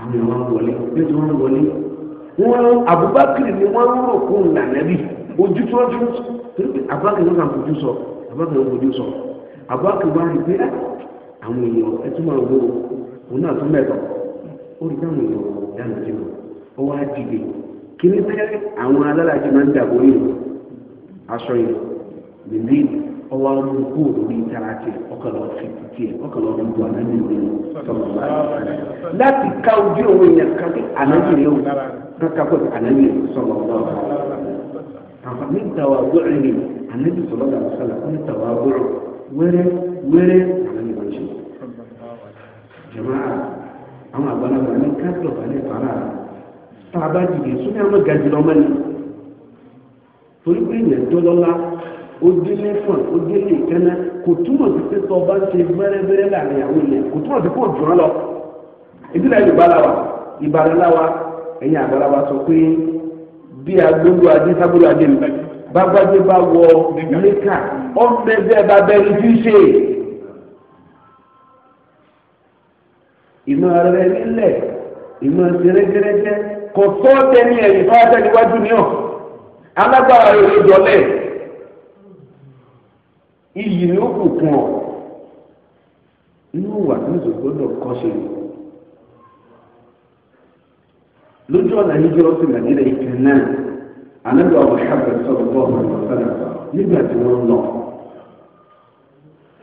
àwọn ìwà wọlé bí wọ́n wọlé wọ́n Abubakar ni wọ́n rò fún nànẹ́bí ojú tó ojú Abubakar ló kàn fojú sọ Abubakar ló fojú sọ Abubakar wá rí pé ah, àwọn èèyàn ẹ tún máa wọ òun náà tún mẹ́tọ̀ọ́ ó rí táwọn èèyàn kò dáná sí wọn ó wá dìde kí ní pé àwọn alálàájì máa ń dàbò yìí aṣọ yìí bèbí ọwọ́ ọdún kú òní tààtì ọkọlọ fìtìtì ẹ ọkọlọ ọdún kú àná nínú ìlú sọlọmọ láti ká ojú òun èèyàn kan sí ànáyìí ló kankan pẹ̀lú ànáyìí sọlọmọ àǹfààní tàwa gbọ́dọ̀ ni ànáyìí sọlọmọ àṣàlà ó ní tàwa gbọ́dọ̀ wẹ́rẹ́ wẹ́rẹ́ ànáyìí wọ́n ṣe jama'a àwọn àgbàlagbà ní kájọ balẹ̀ fara tá a bá dìde súnmọ́ àwọn ga jùlọ mọ́ni torí pé èèyàn dọ́lọ́lá ó dé lẹ́fọ̀n ó dé lè kánná kò túmọ̀ sí pé tó bá ń ṣe bẹ́rẹ́bẹ́rẹ́ láàrin àwọn èèyàn kò túmọ̀ sí pé òjò ń lọ ìdílé Yorùbá làwà Ìbàdàn làwà ẹ̀yìn àgbàlagbà sọ pé bí agbóhùn adé sábúrò adé mi bá gbájú bá wọ mẹ́kà ọ̀bẹ bẹ́ẹ̀ bá bẹ́ẹ̀ ní ìmọ̀ rẹ̀ nílẹ̀ ìmọ̀ gẹ́gẹ́rẹ́gẹ́ kò tó tẹ̀lé ẹ̀yìn tó ni ọ̀ alágbára rẹ̀ ló iyì ni ó kù inú wà ní ìsòkòdò kọ́ṣe lójú ọ̀nà nàìjíríà náà sọ̀rọ̀ ọ̀sán nígbà tí wọ́n lọ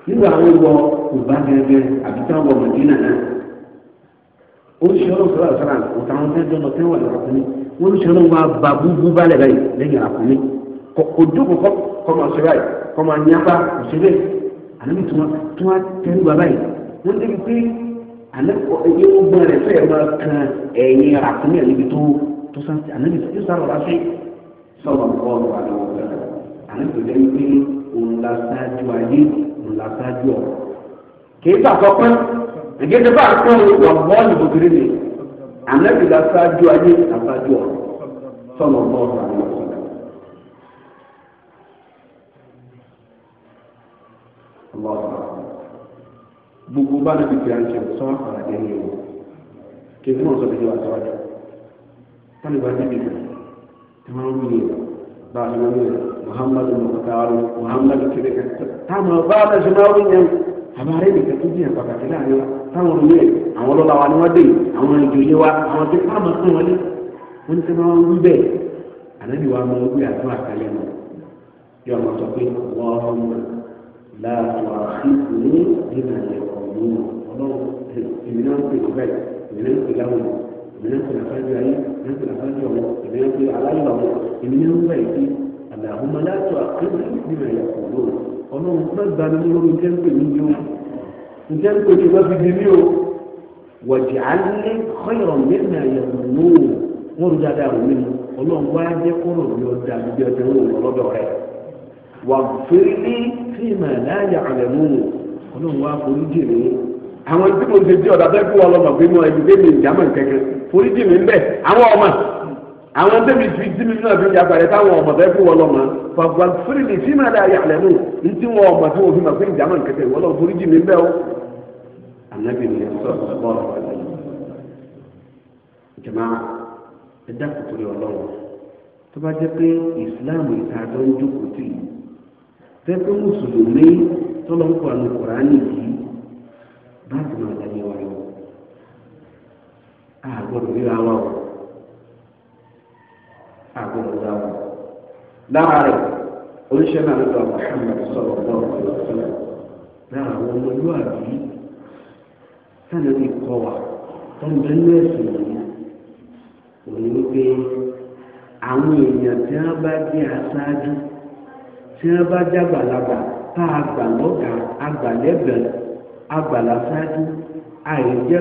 nígbà àwọn ìwọ kò gẹ́gẹ́ àbí táwọn náà. oríṣi ọlọ́run sọ̀rọ̀ àṣàrà òtàwọn tẹ́ jọmọ tẹ́ wà lọ́rọ̀ fúnmi wọ́n oríṣi ọlọ́run wa ba búbú balẹ̀ báyìí lẹ́yìn ara fúnmi kò jókòó kọ́ kọ́ máa ṣe báyìí kọ́ máa nyapa òṣèré àlejò tí wọ́n tí wọ́n tẹ́lú wa báyìí wọ́n débi pé àlejò yóò gbọ́n rẹ̀ fẹ́ máa kan ẹ̀yìn ara fúnmi àlebi tó tó sá àlejò yóò sá lọ́ra sí sọ̀rọ̀ bọ́ọ̀lù àlejò gẹ́gẹ́ bá a kọ́ wà bọ́ọ̀lù bòkìrì ni ànábì la sáájú ayé àbájú ọ̀ sọ̀nà bọ́ọ̀lù àwọn ọ̀sán. gbogbo bá níbi tí a ń ṣe sọ́n àràdé ní o kí n náà sọ pé kí wàá sọ́wọ́dà tani bá níbi kan tí wọ́n ń yìn bá a sọ́wọ́dà muhammadu muhammadu muhammadu kiri kan táwọn bá a bá a sọ́wọ́dà àwọn ará ìdìkan tó jìyàn pàtàkì láàrin wa táwọn ilé àwọn ọlọ́ba wa ni wọ́n dé àwọn ìjòyè wa àwọn tó fáwọn fún wọn ní wọ́n ní sẹ́ni wọ́n wí bẹ́ẹ̀ ànábì wa máa wí àdúrà kalẹ̀ mọ́ bí ọmọ sọ pé wọ́n láàbù àfihàn ní ìlànà ọ̀hún ọlọ́run ìmìnira ń pè bẹ́ẹ̀ ìmìnira ń pè láwọn ìmìnira ń pè láfájú ayé ìmìnira ń pè láfájú ọ̀hún ìmìnira ń pè aláìlọ́wọ́ ìmìnira ń pè àlàhùn ọlọ́run mẹ́gbà ni mo lórí jẹ́ ń o ǹjẹ́ ń pè wọ́n fi di mí o alẹ́ kọ́yọ̀ mẹ́rin àyẹ̀wò wọ́n dáadáa ni ọlọ́run wá jẹ́ kọ́rọ̀ mi ọ̀dà mi bí wò lọ́dọ̀ rẹ̀ wà fèrè fíìmà láyà àlẹ́ mú o ọlọ́run wá forí jì mí àwọn tí mo ti di ọ̀dà bẹ́ẹ̀ kú ọlọ́mọ gbé mi àwọn débi fi dimi náà fi yàgbà rẹ táwọn ọmọ bẹ́ẹ̀ fi wọn lọ mọ fàgbà fúrìlì fí máa dáa yàgbà lẹnu ntí wọn ọmọ tí wọn fi máa fi jàmọ nkẹtẹ wọn lọ forí jì mí bẹ o anabi ni sọ ọ jama ẹdá kòtò rẹ tó bá jẹ́ pé ìsìláàmù ìta tó ń jókòó tì tẹ́ pé mùsùlùmí tó lọ ń kọ àmì kùránì yìí bá máa dáyé wa lọ àgbọ̀dọ̀ ríra àgbọ̀dọ̀ dáwọ̀ lára rẹ̀ oníṣẹ́ náà lọ́dọ̀ Muhammad sọ̀rọ̀ lọ́wọ́ ọ̀sẹ̀ lára àwọn ọmọlúwàbí sáà ní kọ́ wa tó ń bẹ ní ẹ̀sìn yìí òní wípé àwọn èèyàn tí wọ́n bá jẹ́ aṣáájú tí wọ́n bá jẹ́ àgbàlagbà tá a gbà lọ́gà àgbàlẹ́gbẹ̀ẹ́ àgbàlá ṣáájú àìjẹ́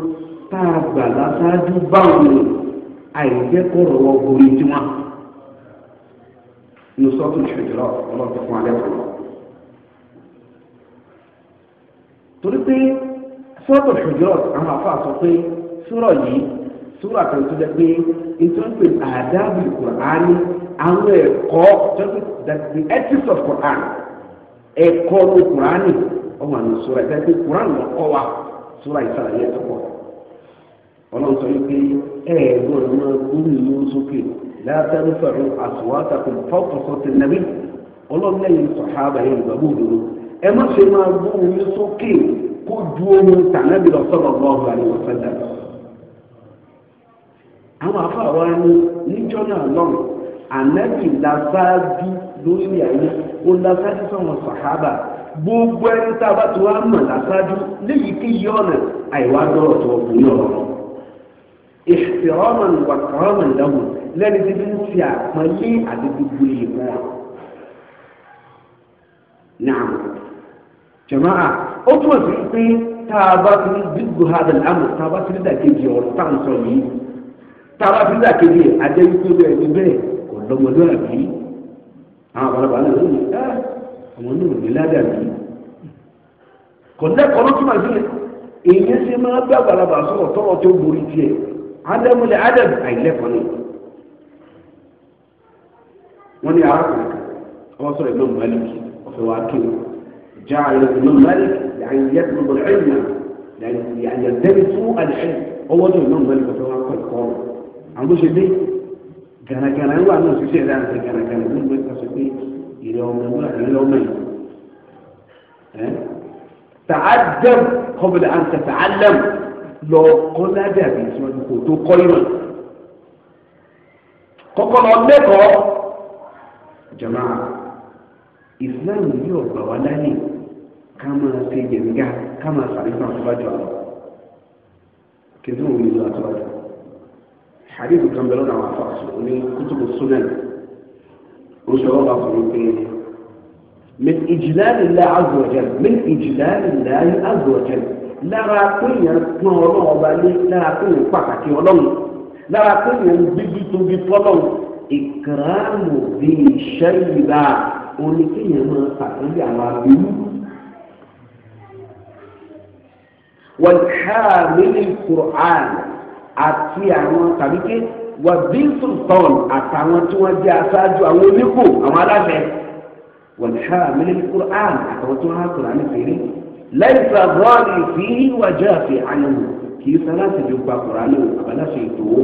tá a gbà lásáájú báwọn àìjẹ́kọ̀rọ̀ wọ orí tiwọn ní sọ́tù ìṣèjọba ọlọ́dún fún alẹ́ kan. torí pé sọ́tù ìṣèjọba àwọn afọ àsọ pé súrọ̀ yìí súrọ̀ kan tó jẹ́ pé ìtọ́jú àdábì kùránì àwọn ẹ̀kọ́ tọ́jú the ethics of Quran ẹ̀kọ́ ló kùránì ọmọ àná sọ̀rọ̀ ẹ̀ka kùránì lọ́kọ́ wa sọ̀rọ̀ ìsàlàyé ẹ̀kọ́ ọlọ́run sọ wípé ẹ̀ẹ́dùn ọ̀nà gbúrú ìlú sókè látàrí fẹ̀rù àsùwátà kò fọ́ọ̀kù sọ́tì nàbí ọlọ́run lẹ́yìn sọ̀hábà yẹn ìgbàgbọ́ òdodo ẹ má ṣe máa gbúrú ìlú sókè kó ju ohun tànàbí lọ sọ̀rọ̀ lọ́ọ̀rù àríwọ̀ sẹ́dà. àwọn afáwa ni níjọ́ náà lọ́rùn ànábì làbáàbí lórí ayé ó làbáàbí sọ̀rọ̀ sọ̀hábà gbogbo ẹni tá a bá ti wá mọ̀ làbáàbí léyìí kí yọ̀ọ̀nà àìwá dọ̀rọ̀ tó ọkùnrin ìfìrọ́mọ̀n wàkàrọ́mọ̀n lọ́wọ́ lẹ́ni tí bí ń fi àpọ́nlé àti gbogbo ìwọ̀n náà jama'a ó túmọ̀ sí pé fi gbígbó hadal amọ̀ tá a bá fi dàkejì ọ̀rọ̀ tá à ń sọ yìí tá a fi dàkejì ajẹ́ wípé bẹ́ẹ̀ ni bẹ́ẹ̀ kò عدم الادب اي لا فني من يعرف هو صلى الله عليه وسلم وفي جعل ابن الملك يعني يطلب العلم يعني, يعني يلتمس العلم هو ده ابن الملك وفي واكل قال عنده شيء دي كان كان هو عنده شيء شيء ده كان كان ابن الملك فسبي يلوم الله يلوم الله قبل ان تتعلم lọ kọ́ ládàbí síwájú kò tó kọ́ ìmọ̀ kọ́kọ́ lọ lẹ́kọ̀ọ́ jama islam yóò gbà wá lálẹ́ ká máa ṣe yẹ̀ǹgà ká máa sàrí fún àtúbájọ àwọn kí n tó wọlé lọ àtúbájọ àtúwájú hadith kan bẹ̀rẹ̀ náà wà fún fàṣọ ní kútùbù sunan ó sọ wọ́n bá fún mi pé من إجلال الله عز وجل من إجلال الله عز وجل lára péyàn gbọ́n ọlọ́run ọba lé lára péyàn pàtàkì ọlọ́run lára péyàn gbígbí tóbi fọlọ́run ìkàràmù bíi iṣẹ́ ìlà òní kéèyàn máa pàtàkì àwọn abirú. wọ́n ká mílí kùrán àti àwọn tàbí ké wà bíntù tọ́ọ̀n àtàwọn tí wọ́n jẹ́ aṣáájú àwọn oníkò àwọn alábẹ́ wọ́n ká mílí kùrán àtàwọn tí wọ́n á kùrán ní ليس الرأي فيه وجافي عنه kì í sọ láti ju gba kùránù àbáláṣe ètò owó.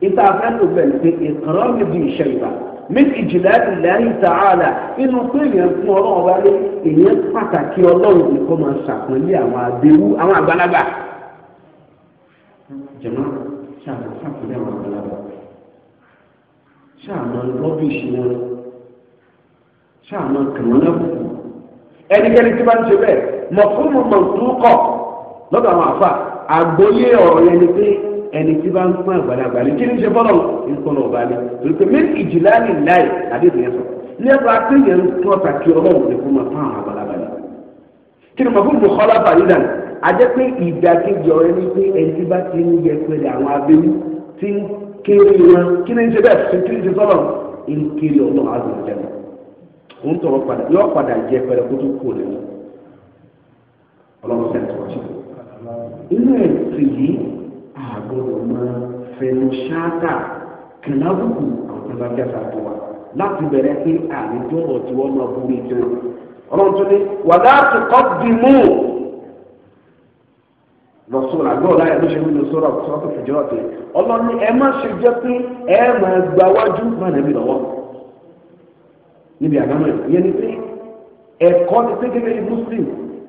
ìta àfẹ́lù bẹ̀rẹ̀ pé ìkọ̀rọ̀ mi di ìṣe ìgbà méjì jìlá ìlànà ta'ala inú pé èèyàn fún ọlọ́run wá lé pàtàkì ọlọ́run nìkan ẹnikẹ́ni tí bá ń ṣe bẹ́ẹ̀ mọ̀ fún mi mọ̀ tún kọ̀ lọ́dọ̀ àwọn àfa àgbóyé ọ̀rọ̀ yẹn ni pé ẹni tí bá ń pọ́n àgbàlagbà ni kí ni ṣe bọ́lọ̀ nǹkan ọ̀bá ni torí pé mí ìjìlá ni láì àdéhùn yẹn sọ nípa pé yẹn tó ọ̀tà kí ọlọ́run ní fún ma fún ni kí ni mọ̀ ni àjẹ́ pé ìdàkejì ọ̀rẹ́ ni pé ẹni tí bá ti ń ń tọrọ padà yọ padà jẹ pẹlẹ kó tó kó lẹ́nu ọlọ́run sẹ́ni tó wá sí i. inú ẹ̀sì yìí àgbọ̀dọ̀ máa fẹnu ṣáàtà kìláàbùkù àwọn tó bá jásà tó wa láti bẹ̀rẹ̀ pé àlejò ọ̀rọ̀ tí wọ́n máa burú ètò ọlọ́run tó ní wàdà tó kọ́ bí mú lọ́sọ̀rọ̀ àgbọ̀ ọ̀la ẹ̀ ló ṣe nínú sọ́rọ̀ sọ́rọ̀ tó fi jọ́ ọ̀tẹ̀ ọlọ́run ẹ má ṣe jẹ́ pé ẹ máa gbáwájú má nàbí lọ́wọ́ níbi àlámà yẹn ni pé ẹ̀kọ́ ni pé gẹ́gẹ́ bí muslim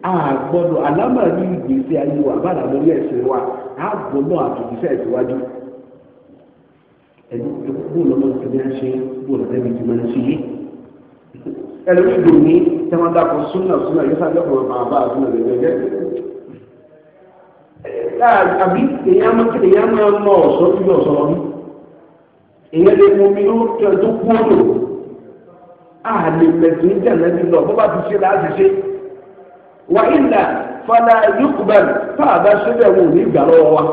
a gbọ́dọ̀ àlámà ní ìgbésí ayé wa bá làwọn orí ẹ̀sìn wa a gbọ́dọ̀ àtòjíṣẹ́ ìtìwájú ẹni bóòlù ọmọ ti ní àṣẹ bóòlù ẹbí ti máa ń ṣe yé ẹlòmí dùn ní tẹ́wọ́n dàpọ̀ súnà súnà yóò sábẹ́ ọ̀rọ̀ máa bá àdúrà rẹ̀ lẹ́jẹ́ àbí èèyàn máa ń mọ ọ̀ṣọ́ bí ọ̀ṣọ́ ọ̀hún èèyàn lè mú mi ló kí ọdún kú ọ̀dọ̀ àlè pẹ̀tù ń jẹ̀lẹ́ bí lọ bó ti ṣe láti ṣe. wà ìlà fada yukubali fáàbà ṣẹlẹ̀ wò ní ìgbà lọ́wọ́ wa.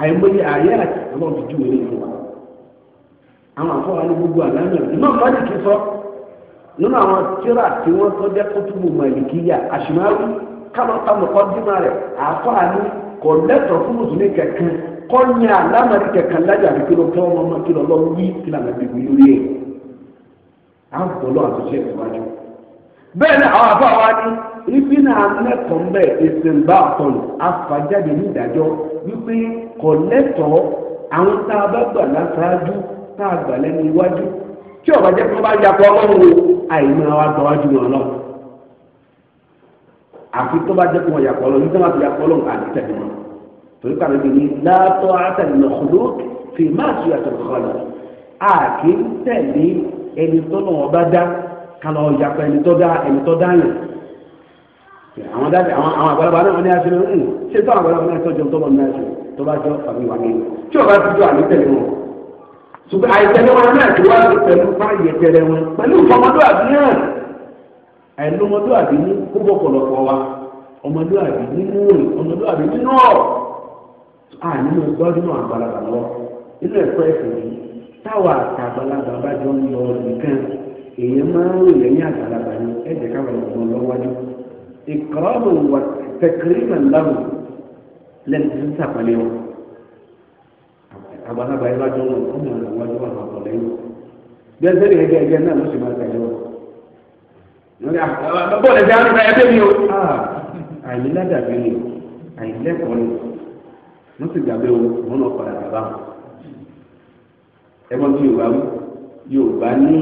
àìmọye àyè àti ọlọ́run ti júwèé nínú wa. àwọn sọ nínú àwọn tíra tí wọ́n tó jẹ́ kọ́nyà lámàrí kẹ̀kẹ́ a ní kí ló tọ́ ọmọ ọmọ kí ló lọ wí kí ló àgbẹ̀ gbìyànjú a ẹ̀ à ń bọ̀ lọ́wọ́ àtúnṣe ìwájú. bẹ́ẹ̀ ni ní ibi náà lẹ́tọ̀ọ́ mbẹ́ ìsìnbá àtọ̀nù afàjáde ní ìdájọ́ wípé kọ̀ lẹ́tọ̀ọ́ àwọn tá a a gbà tí bá torí pàmò ìbí ni látọ̀ àtàlẹ̀ ọ̀hún fi máa ṣe àtọ̀ ìkọlẹ̀ a kì í tẹ̀lé ẹni tó náà ọba dá kálọ̀ ìyàpọ̀ ẹni tó dá ẹni tó dá yàn àwọn dáàbì àwọn àwọn àgbàlagbà náà wọn ní aṣọ náà hmm, ń ṣe tó àwọn àgbàlagbà náà tó jẹun tó bọ̀ ní aṣọ tó bá jọ àbí wà nínú tí o bá ti jọ àmì tẹ̀lé wọn ṣùgbọ́n àìtẹ̀lé wọn náà ti wá pẹ̀lú fáyì ẹ̀tẹ̀lé wọn pẹ̀lú ìfọmọdúàbí náà àìlọmọdúàbí ní kó bọ̀pọ̀lọpọ̀ wa ọmọdúàbí nínú ọmọdúàbí nínú ọ̀rọ̀ àánú gbọ́dún àgbàlagbà lọ nínú ẹ̀kọ́ ẹ̀sìn yìí táwa àtàgbàlagbà bá jọ ń lọ nìkan èèyàn máa ń rìn lẹ́yìn àgbàlagbà ni ẹ̀jẹ̀ káwọn ọ̀gbọ́n lọ wájú ìkọ́rọ̀mù wà tẹkírìmà láwù lẹ́nu tí ń sàpàlẹ̀ wọn àgbàlagbà yẹn bá jọ ń lọ ọmọ rẹ̀ wájú wà pàpọ̀ lẹ́yìn bí ẹsẹ̀ rẹ̀ ẹgbẹ́ ẹgbẹ́ náà ló sì máa tẹ̀lé wọn. bọ́ọ̀lù ẹ̀jẹ̀ á ń ni àìlẹ́kọ̀ọ́ wọ́n sì gbàgbé o wọ́n náà padà wọn. tí yorùbá yorùbá ní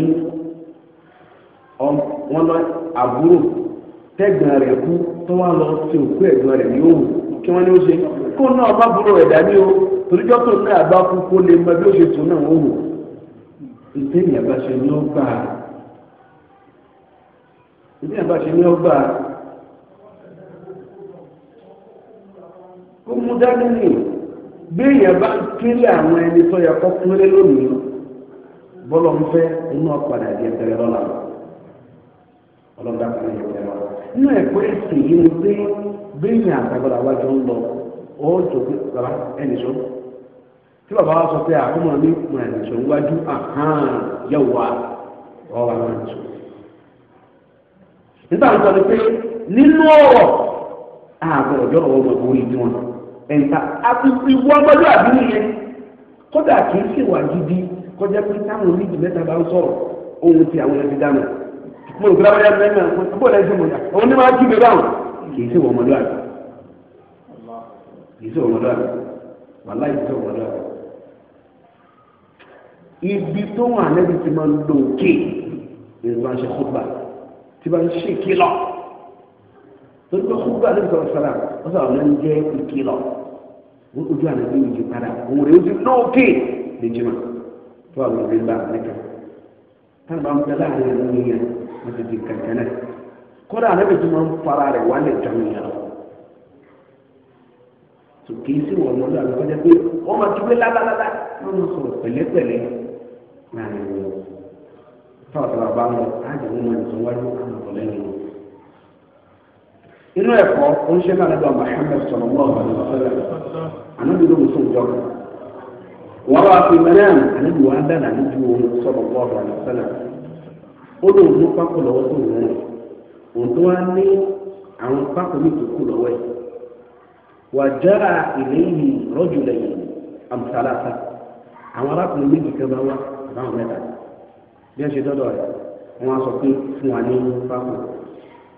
wọ́n lọ àbúrò tẹ́gbọ̀n rẹ̀ kú tó lọ sí òkú ẹ̀gbọ́n rẹ yóò kí wọ́n ní ó ṣe kó náà bá burú ẹ̀dá ní o ní kú kó lè mọ bí ó ṣe náà ní ó ní ó mú dání nì bí èèyàn bá ń kéré àwọn ẹni tó yẹ kó kéré lónìí bọ́lọ̀ ń fẹ́ inú ọ̀padà di ẹ̀tẹ̀rẹ̀ lọ́la ọlọ́dà kan yẹ kẹ́ inú ẹ̀kọ́ ẹ̀sìn yìí ni pé bí èèyàn àtàgbọ́dà ń lọ ó pé bàbá ẹnì sọ tí bàbá wa sọ pé àkómọ ẹnì sọ àhán yẹ wà ni pé nínú ọ̀rọ̀ àgbọ̀dọ̀ ẹ̀ǹta àti ìwọ ọmọdé àbúrò yẹn kódà kì í ṣèwà gidi kọjá pé táwọn oníjì mẹ́ta bá ń sọ̀rọ̀ ohun tí àwọn ẹbí dáná mo rò gbọ́dọ̀ bóyá mẹ́rin náà kó bóyá ẹsẹ̀ mọ̀ọ́dà òun ní máa kígbe báwọn kì í ṣèwà ọmọdé àbí kì í ṣèwà ọmọdé àbí wàhálà yìí ṣèwà ọmọdé àbí. ibi tó wà lẹ́bi ti máa ń lo òkè ìrìnbá ṣe kúgbà tí bá ń ṣe kìlọ̀ torí pé kúgbà lẹ́bi sọ̀rọ̀ sọ̀rọ̀ wọ́n sọ̀rọ̀ lẹ́nu jẹ́ ìkìlọ̀ ojú àná bí ojú padà òun rẹ̀ ojú lókè lè jìnnà tó àwọn ìrìn bá nìkan táwọn bá ń bẹ láàrin ẹ̀rọ nìyẹn wọ́n ti di kankan náà kódà ànábì tó máa ń fara rẹ̀ wálé jàmù yẹn lọ. tó kì í sí wọn lọ́dọ̀ àbí wọ́n jẹ́ pé wọ́n máa ti wé lálálálá wọ́n máa sọ̀rọ̀ pẹ̀lẹ́pẹ̀lẹ́ láàrin wọn. táwọn tó bá bá wọn á jẹ́ wọn máa ń sọ wájú àwọn ọ̀lẹ́yìn inú ẹ̀kọ́ onye náà nígbà ń na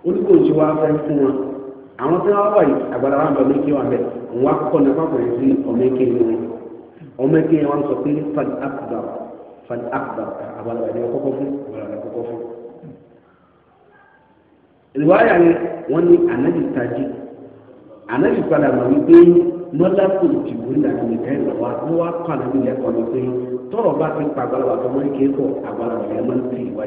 oníkòòtù wa fẹ́ fún wọn àwọn tí wọ́n wà àgbàdo wa ń bọ̀ méjì wà bẹ́ẹ̀ òun wá kọ́ nípa kò sí ọmọ eke ni wọn ọmọ eke ni wọn sọ pé fan akbar fan akbar àgbàdo wa ni kọ́kọ́ fún àgbàdo wa ni kọ́kọ́ fún. ìwáyà ni wọ́n ní anabi anabi padà mọ̀ ní pa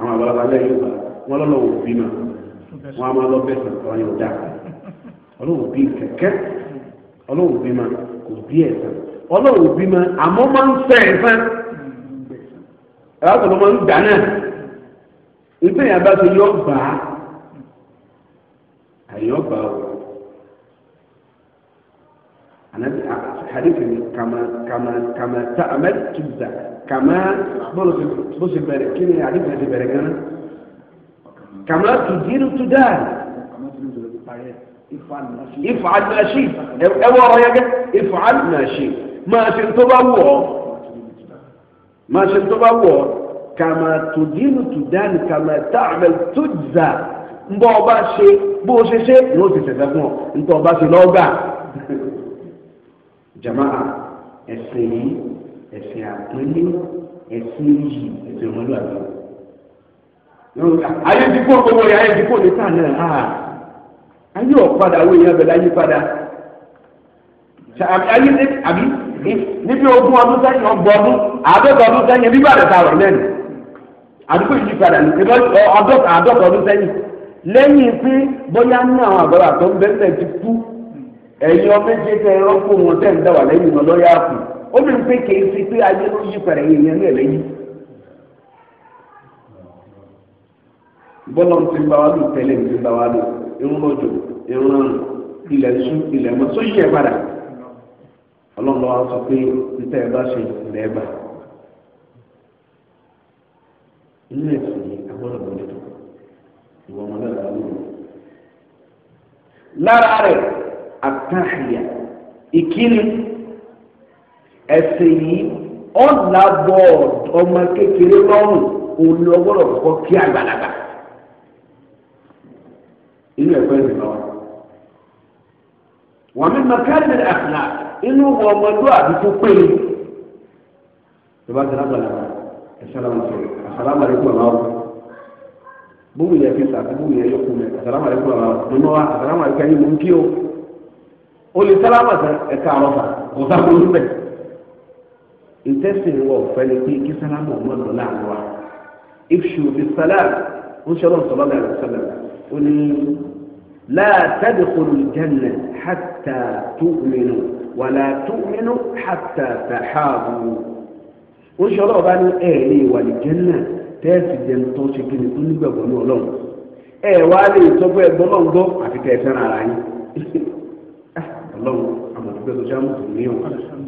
àwọn àgbàlagbà lẹ́yìn ìgbà wọn lọ́lọ́ wò bí náà wọn a máa lọ bẹ́ẹ̀ sàn sọ́wọ́n yóò dáa ọlọ́wọ́ bí kẹ̀kẹ́ ọlọ́wọ́ bí ma kò bí ẹ̀sán ọlọ́wọ́ bí ma àmọ́ máa ń fẹ́ ẹ̀sán ẹ̀rọ àtọ̀lọ́ máa ń gbà náà ìgbẹ́ yẹn kàmá bó ṣe bẹ̀rẹ̀ kí ni àdìgbà ṣe bẹ̀rẹ̀ gan-an kàmá tùdírù tó dáa ìfàl náà ṣì ẹwọ ọ̀rọ̀ yẹn kẹ́ ìfàl náà ṣì máa ṣe tó bá wọ̀ ọ́ máa ṣe tó bá wọ̀ ọ́ kàmá tùdírù tó dáa ni kàmá táàmì tó zà ń bọ́ ọba ṣe ẹ̀sìn àpẹẹlẹ ẹ̀sìn yìí atọ ọmọlúwàbí. ayé ti kó gbogbo rẹ̀ ayé ti kó ní náà ah, ayé ọ̀padà wo ìyá bẹ̀rẹ̀ ayé padà ayé àbí níbi ogún ọdún sẹ́yìn ọdún àádọ́ta ọdún sẹ́yìn bíbá rẹ̀ lẹ́nu àdúgbò yìí padà ní ọdún sẹ́yìn lẹ́yìn pé bóyá ní àwọn àgbàrá bẹ́ẹ̀ ti kú ẹ̀yin ọmọ tẹ wọn tẹ̀ ń o lè pé kèé sí pé ayé ló yí pẹ̀rẹ̀ èèyàn náà lẹ́yìn. bọ́lá ti bá wa lò tẹ́lẹ̀ ti bá wa lò irun lójò irun rán ilẹ̀ sú ilẹ̀ mọ́ tó yẹ padà ọlọ́run lọ́wọ́ sọ pé títẹ̀ ẹ bá ṣe ilẹ̀ bá inú agbọ́dọ̀ ìwọ ọmọ náà lọ́wọ́ ẹ̀sìn yìí ọ̀làbọ̀ ọmọ kékeré lọ́rùn òun ló gbọ́dọ̀ kọ́kọ́ kí àgbàlagbà inú ẹ̀kọ́ ẹ̀sìn lọ́wọ́ wọ́n mi máa káàdì àkàlà inú wọn ọmọdé àdúgbò pé ìbá tẹ̀lé àgbàlagbà ẹ̀sàlámù sọ̀rọ̀ àsàlámù bóun yẹ fi sàkó bóun yẹ yọkùn mẹ mú kí o olè fà ọ̀sán ìtẹ́sìn wọ ọ̀fẹ́ ni pé kí sálámù ọmọ ọ̀dọ́ láàrin wa ìfṣù bí sálámù ó ṣe ọlọ́run sọ̀rọ̀ bẹ́ẹ̀ sọ̀rọ̀ ó ní láàtàdé kòlù jẹ́nà hàtà tó mìnú wàlà tó mìnú hàtà tàhàbù ó ṣe ọlọ́run bá ní ẹ̀ ní ìwàlì jẹ́nà tẹ́ẹ̀sì jẹun tó ṣe kí ni tó nígbàgbọ́ ní ọlọ́run ẹ̀ wá lè tọ́gbọ́ ẹ̀gbọ́n náà gbọ́ àti tẹ̀sán ara yín ah, ọlọ́run àmọ̀tẹ́gbẹ́ tó ṣe àmọ̀tẹ́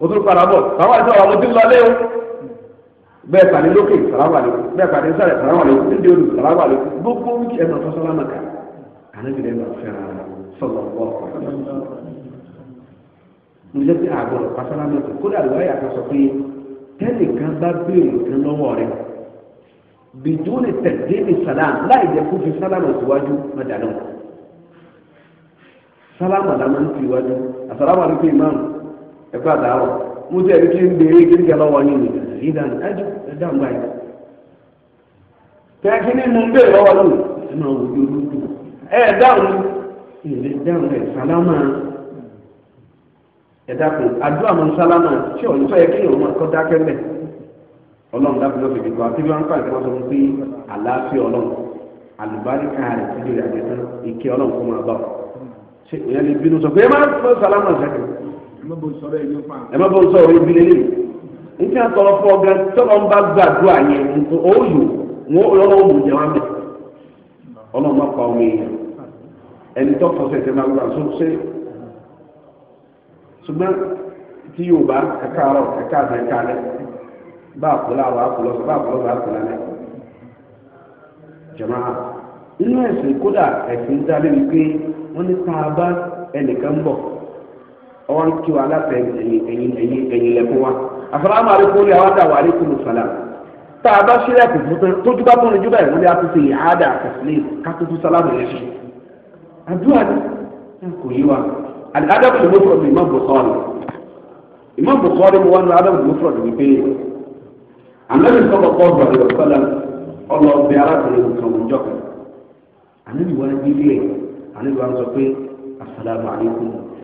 o tún padà bọ̀ sàrà àti àwọn ọmọdé lọlé o bẹ́ẹ̀ pàdé lókè sàrà wà lẹ́kọ̀ọ́ bẹ́ẹ̀ pàdé sàrẹ̀ sàrà wà lẹ́kọ̀ọ́ nídìí olù sàrà wà lẹ́kọ̀ọ́ gbogbo ẹ̀ máa fọ́ sọ́lá màkà ànábìrẹ́ máa fẹ́ràn sọ̀rọ̀ ọ̀pọ̀ ǹjẹ́ pé àgọ́ pàṣẹ mẹ́tò kódà lọ́wọ́ yàtọ̀ sọ pé tẹ́nìkan bá béèrè nǹkan lọ́wọ́ rẹ̀ bìdúró lè sàlám láì jẹ́ kó fi sálámà síwájú má dànù sálámà ń fi wájú àsàlámà ló pé ẹ̀kọ́ àtàwọ̀ mo tẹ̀ ní kí n béèrè kí n kẹ́ lọ́wọ́ yín ni ìdáná ẹjọ́ ẹjọ́ àgbà yìí. tẹ́kí ní lọ́wọ́ dáhùn dáhùn sálámà àdúrà sálámà tí ò ń sọ yẹ kí máa kọ́ dákẹ́ ọlọ́run pé àlàáfíà ọlọ́run àlùbáríkà rẹ̀ ìkẹ́ ọlọ́run ẹ má bọ́ sọ orí ibi lélẹ̀ nígbà tọrọ fún ọgá tọ́lọ́ ń bá gbàdúrà yẹn nǹkan ó yò wọ́n lọ́wọ́ mú jẹ wọn bẹ̀ ọlọ́run má pa ọmọ èèyàn ẹni tó kọ sẹ̀sẹ̀ máa gbà sọ ṣe ṣùgbọ́n tí yóò bá ẹ̀ka àárọ̀ ẹ̀ka àtàn ẹ̀ka alẹ́ bá àkùlọ̀ àwọn àkùlọ̀ bá àkùlọ̀ bá àkùlọ̀ alẹ́ jẹ̀mọ́ inú ẹ̀sìn kódà ẹ̀sìn dá lé wípé wọ́n ní tá a bá ẹnìkan bọ̀ ọ̀n kí wa aláfẹ́ ẹ̀yìn ẹ̀yìn ẹ̀yìn lẹ́kọ́ wa àfọlámà àlékún ní àwọn àtàwọn àlékún mùsàlá tá a bá ṣílẹ̀ kò fún tán tójú bá tó ní júbà ìwọ́n ní àtúnṣe ìhádà àtàsílẹ̀ kátótó sálámù yẹn ṣe àdúrà ni kò yí wa àdábò lè mọ́tò ọ̀dọ̀ Imam Bukhari Imam Bukhari mu wọn àdábò lè mọ́tò ọ̀dọ̀ wípé ànábì sọ̀rọ̀ kọ́ ọ̀dọ̀ àdìrọ̀ sọ́lá ọlọ́ọ̀bẹ arábìnrin kan òjọ́ kan ànábì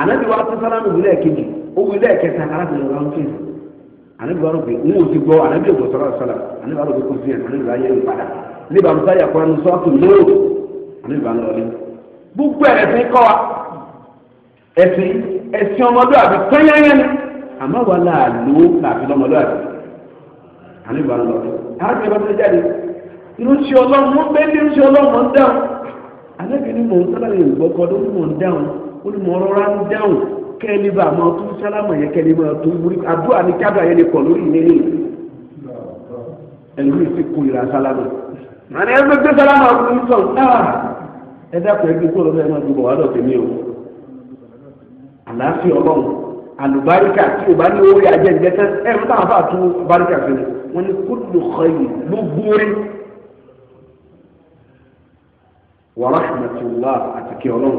anabi wa tó sálámù wílẹ̀ kejì ó wílẹ̀ kẹta arábìnrin wa ń fèsì anabi wa rò pé n ò ti gbọ́ anabi ò gbọ́ sọ́lá sọ́lá anabi wa rò pé kò sí ẹ̀ anabi wa yẹ ń padà níbà musa yà kọ́ra musa tó lóò anabi wa ń lọ lé gbogbo ẹ̀sìn kọ́ wa ẹ̀sìn ẹ̀sìn ọmọdé àbí pẹ́yẹ́yẹ́ ni àmọ́ wa là ló làbí lọ́mọdé àbí anabi wa ń lọ lé anabi wa ti jáde irú ti ọlọ́run mọ́ bẹ́ẹ̀ ni irú ti ọlọ́run mọ́ ń dáhùn anabi ni mò ń sábà lè gbọ́ kọ́ lórí mò ń dáhùn ó ní mo rọra ń dáhùn kẹ́ni bá máa tún sálámà yẹn kẹ́ni máa tún múrí àdúrà ní kábà yẹn ni kọ̀ lórí ìlérí ẹ̀lú ìfi kú ìlà sálámà àní ẹgbẹ́ gbé sálámà ọ̀hún ní sọ̀rọ̀ náà ah! ẹ dákun ẹgbẹ́ tó lọ́fẹ́ máa dùbọ̀ wá lọ́ọ̀tẹ̀ mi o àlàáfíà ọlọ́run àlùbáríkà tí o bá ní orí ajẹ́ ìjẹ́ tán ẹ̀ ń bá àbá tún báríkà fi wọn ni kúlù xeyì gbogbo rí wàrà àmàtúwà àti kí ọlọ́run.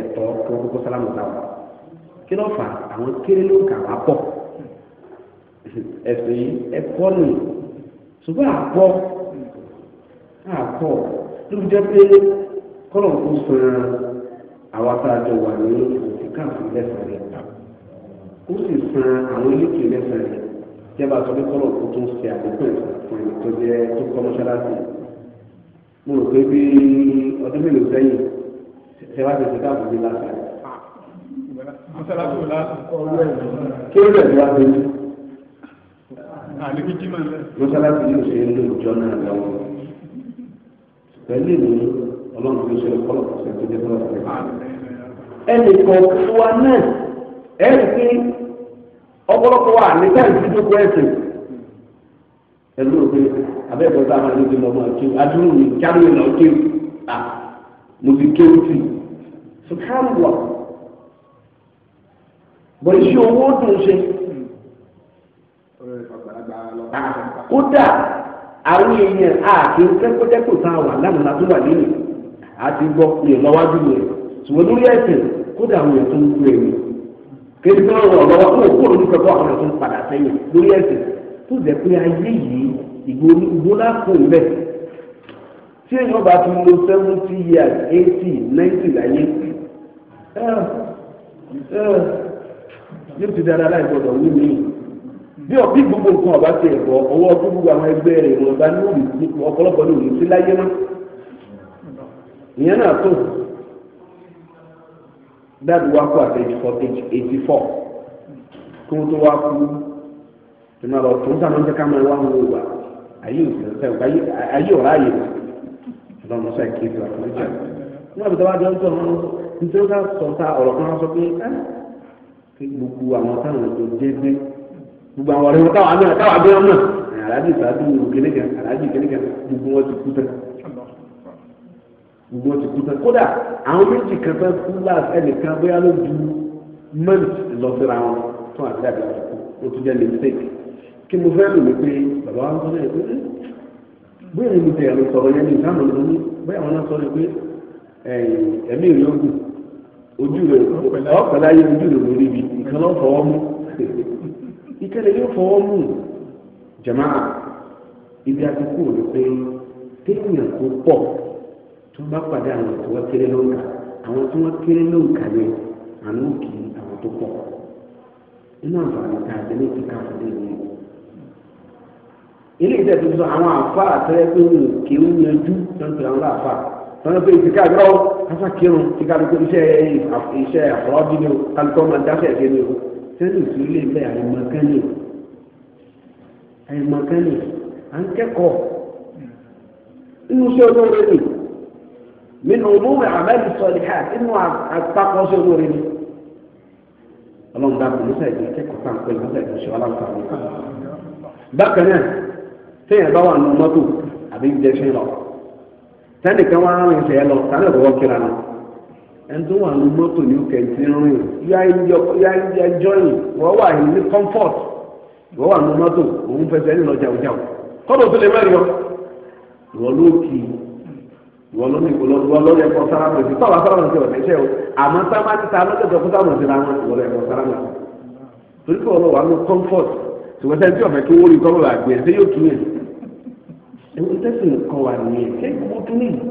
ẹ̀tọ́ kan kókó sálámù táwọn kí ló fà àwọn kéré ló kà wá pọ̀ ẹ̀sìn yìí ẹ̀kọ́ nì ṣùgbọ́n àpọ̀ àpọ̀ tó fi jẹ́ pé kọ́lọ̀ kó san àwọn afárajọ wà ní òtíkàfù lẹ́sàn-án rẹ̀ kó sì san àwọn eléke lẹ́sàn-án rẹ̀ jẹba sọ pé kọlọ tó tún ṣe àdínkù fún ẹni tó jẹ tó kọ mọ́ṣáláṣí mo rò pé bí ọdún mélòó sẹ́yìn ṣe wá ti ṣe káàbù bí lásán. mọ́sálásí wò lásán. kí ló dẹ̀ wá dé? àlejò jimá lẹ. mọ́sálásí yóò ṣe ń lo ìjọ náà lọ́wọ́. pẹ̀lú ìlú ọlọ́run tó ṣe kọ́lọ̀ ṣe tó dé kọ́lọ̀ ṣe. ẹnì kọ̀ọ̀kan wa náà ẹ̀rí pé ọ̀pọ̀lọpọ̀ wa nígbà ìdíjókòó ẹ̀sìn ẹ̀rú òfin abẹ́ẹ̀kọ́ tá a máa ń lójú lọ́mọ àti adúlù ní jáde lọ́ọ́ kéwì. mo ti kéwù sí isi bọ̀ owó dùn ṣe. kódà àwọn èèyàn a wà lánàá tó wà nínú àti gbọ́ pé lọ́wọ́dún rẹ̀ ṣùgbọ́n lórí ẹ̀sìn kódà àwọn èèyàn tó ń gbé ẹ̀mí kéde kí wọ́n lọ́wọ́ kó kó lórí pẹ̀lú àwọn èèyàn tó ń padà sẹ́yìn lórí ẹ̀sìn tó jẹ́ pé ayé yìí ìgbóná tí èèyàn bá ti lo seventy years eighty ninety láyé yóò ti dára láì gbọdọ̀ wí mí bí ọ̀bí gbogbo nǹkan ọ̀bá ti ọwọ́ ọdún gbogbo àwọn ẹgbẹ́ rẹ̀ wọn ní òní ọ̀pọ̀lọpọ̀ ní òní sí láyé mọ́ ìyẹn náà tó dáàbò wá kó àtẹ̀jú for page eighty four kó tó wá kú tó máa lọ tó ń sàmọ́ńtẹ́ká máa wá wọn wà ayé òsè ọ̀rá ọlọ́run ṣe kí ètò àforíjì nígbà tó wá jọ ń tọ̀ wọn nítorí ká sọ ta ọ̀rọ̀ kan sọ pé kí gbogbo àwọn táwọn ètò jẹ́ gbé gbogbo àwọn ọ̀rẹ́ wọn táwọn àmì àtàwọn àbí wọn náà aláàjì ìsàdùn ògèlèkè aláàjì ìgèlèkè gbogbo wọn ti kú tán gbogbo wọn ti kú tán kódà àwọn méjì kan fẹ́ kú láti ẹnìkan bóyá ló ju mẹ́ǹtì lọ síra wọn fún àbí àbí àbùkù ó tún jẹ́ lè kí mo fẹ́ lò ní pé bàbá wa ń sọ bóyá ẹni tẹ̀ ẹ̀rọ sọ̀rọ̀ yẹn ní ìdáhùn ló ní bóyá àwọn náà sọ ni pé ẹ̀mí rẹ̀ ó gùn ojú rẹ̀ ọ̀pẹ̀lá yẹ ojú rẹ̀ lórí ibi ìkan lọ́ fọwọ́ mú yóò fọwọ́ mú ibi rẹ pé téèyàn tó tó bá àwọn a ilé ìtẹ̀ tó sọ àwọn àfa àtẹ́rẹ́ pé òun kì í yanjú tó ń pè àwọn àfa tọ́lá pé ìtìká àgbọ̀ kásá kírun tí kálukú iṣẹ́ iṣẹ́ àfọlọ́bí ni o kálukú ọmọ dáṣẹ́ ẹ̀ṣẹ́ ni o sẹ́ni òsì ilé ìgbẹ́ àìmọ̀kánì àìmọ̀kánì à ń kẹ́kọ̀ọ́ inú iṣẹ́ olóore ni nínú olóore àbẹ́lì sọ̀rọ̀ ìhà inú àpapọ̀ iṣẹ́ olóore ni ọlọ́run dákùn nísàgbé kẹ́kọ̀ọ́ sáńpẹ́ nísàgbé ṣọ́ aláǹfààní bákan náà téèyàn bá wà nù mọ́tò àbí jẹ́sìn lọ sẹ́nìkan wá rìn fẹ́ lọ sáré ìbọ̀wọ́ kíra nù ẹni tó wà nù mọ́tò ní òkè tí ń rìn yá yá jọyìn wọ́n wà ní comfort wọ́n wà nù mọ́tò òun fẹsẹ̀ ní lọ jàùjàù kọ́dọ̀ tó lè mẹ́rin wọn ìwọ ló kì í ìwọ ló ní ìwọ ló lọ lẹ́kọ̀ọ́ sára mọ̀ sí tọ́wọ́ sára mọ̀ sí ọ̀fẹ́ iṣẹ́ o àmọ́ sábà ti ta lọ́jọ́ kó sára mọ̀ sí ra wọn ìwọ lẹ́kọ̀ọ́ sára mọ̀ sí torí pé ọlọ́wà ló comfort ṣùgbọ́n sẹ́ni tí ọ̀fẹ́ kí wọ́n rí kọ́ èmi tẹ́sí nǹkan wà nìyẹn ṣé gbogbo akada yìí.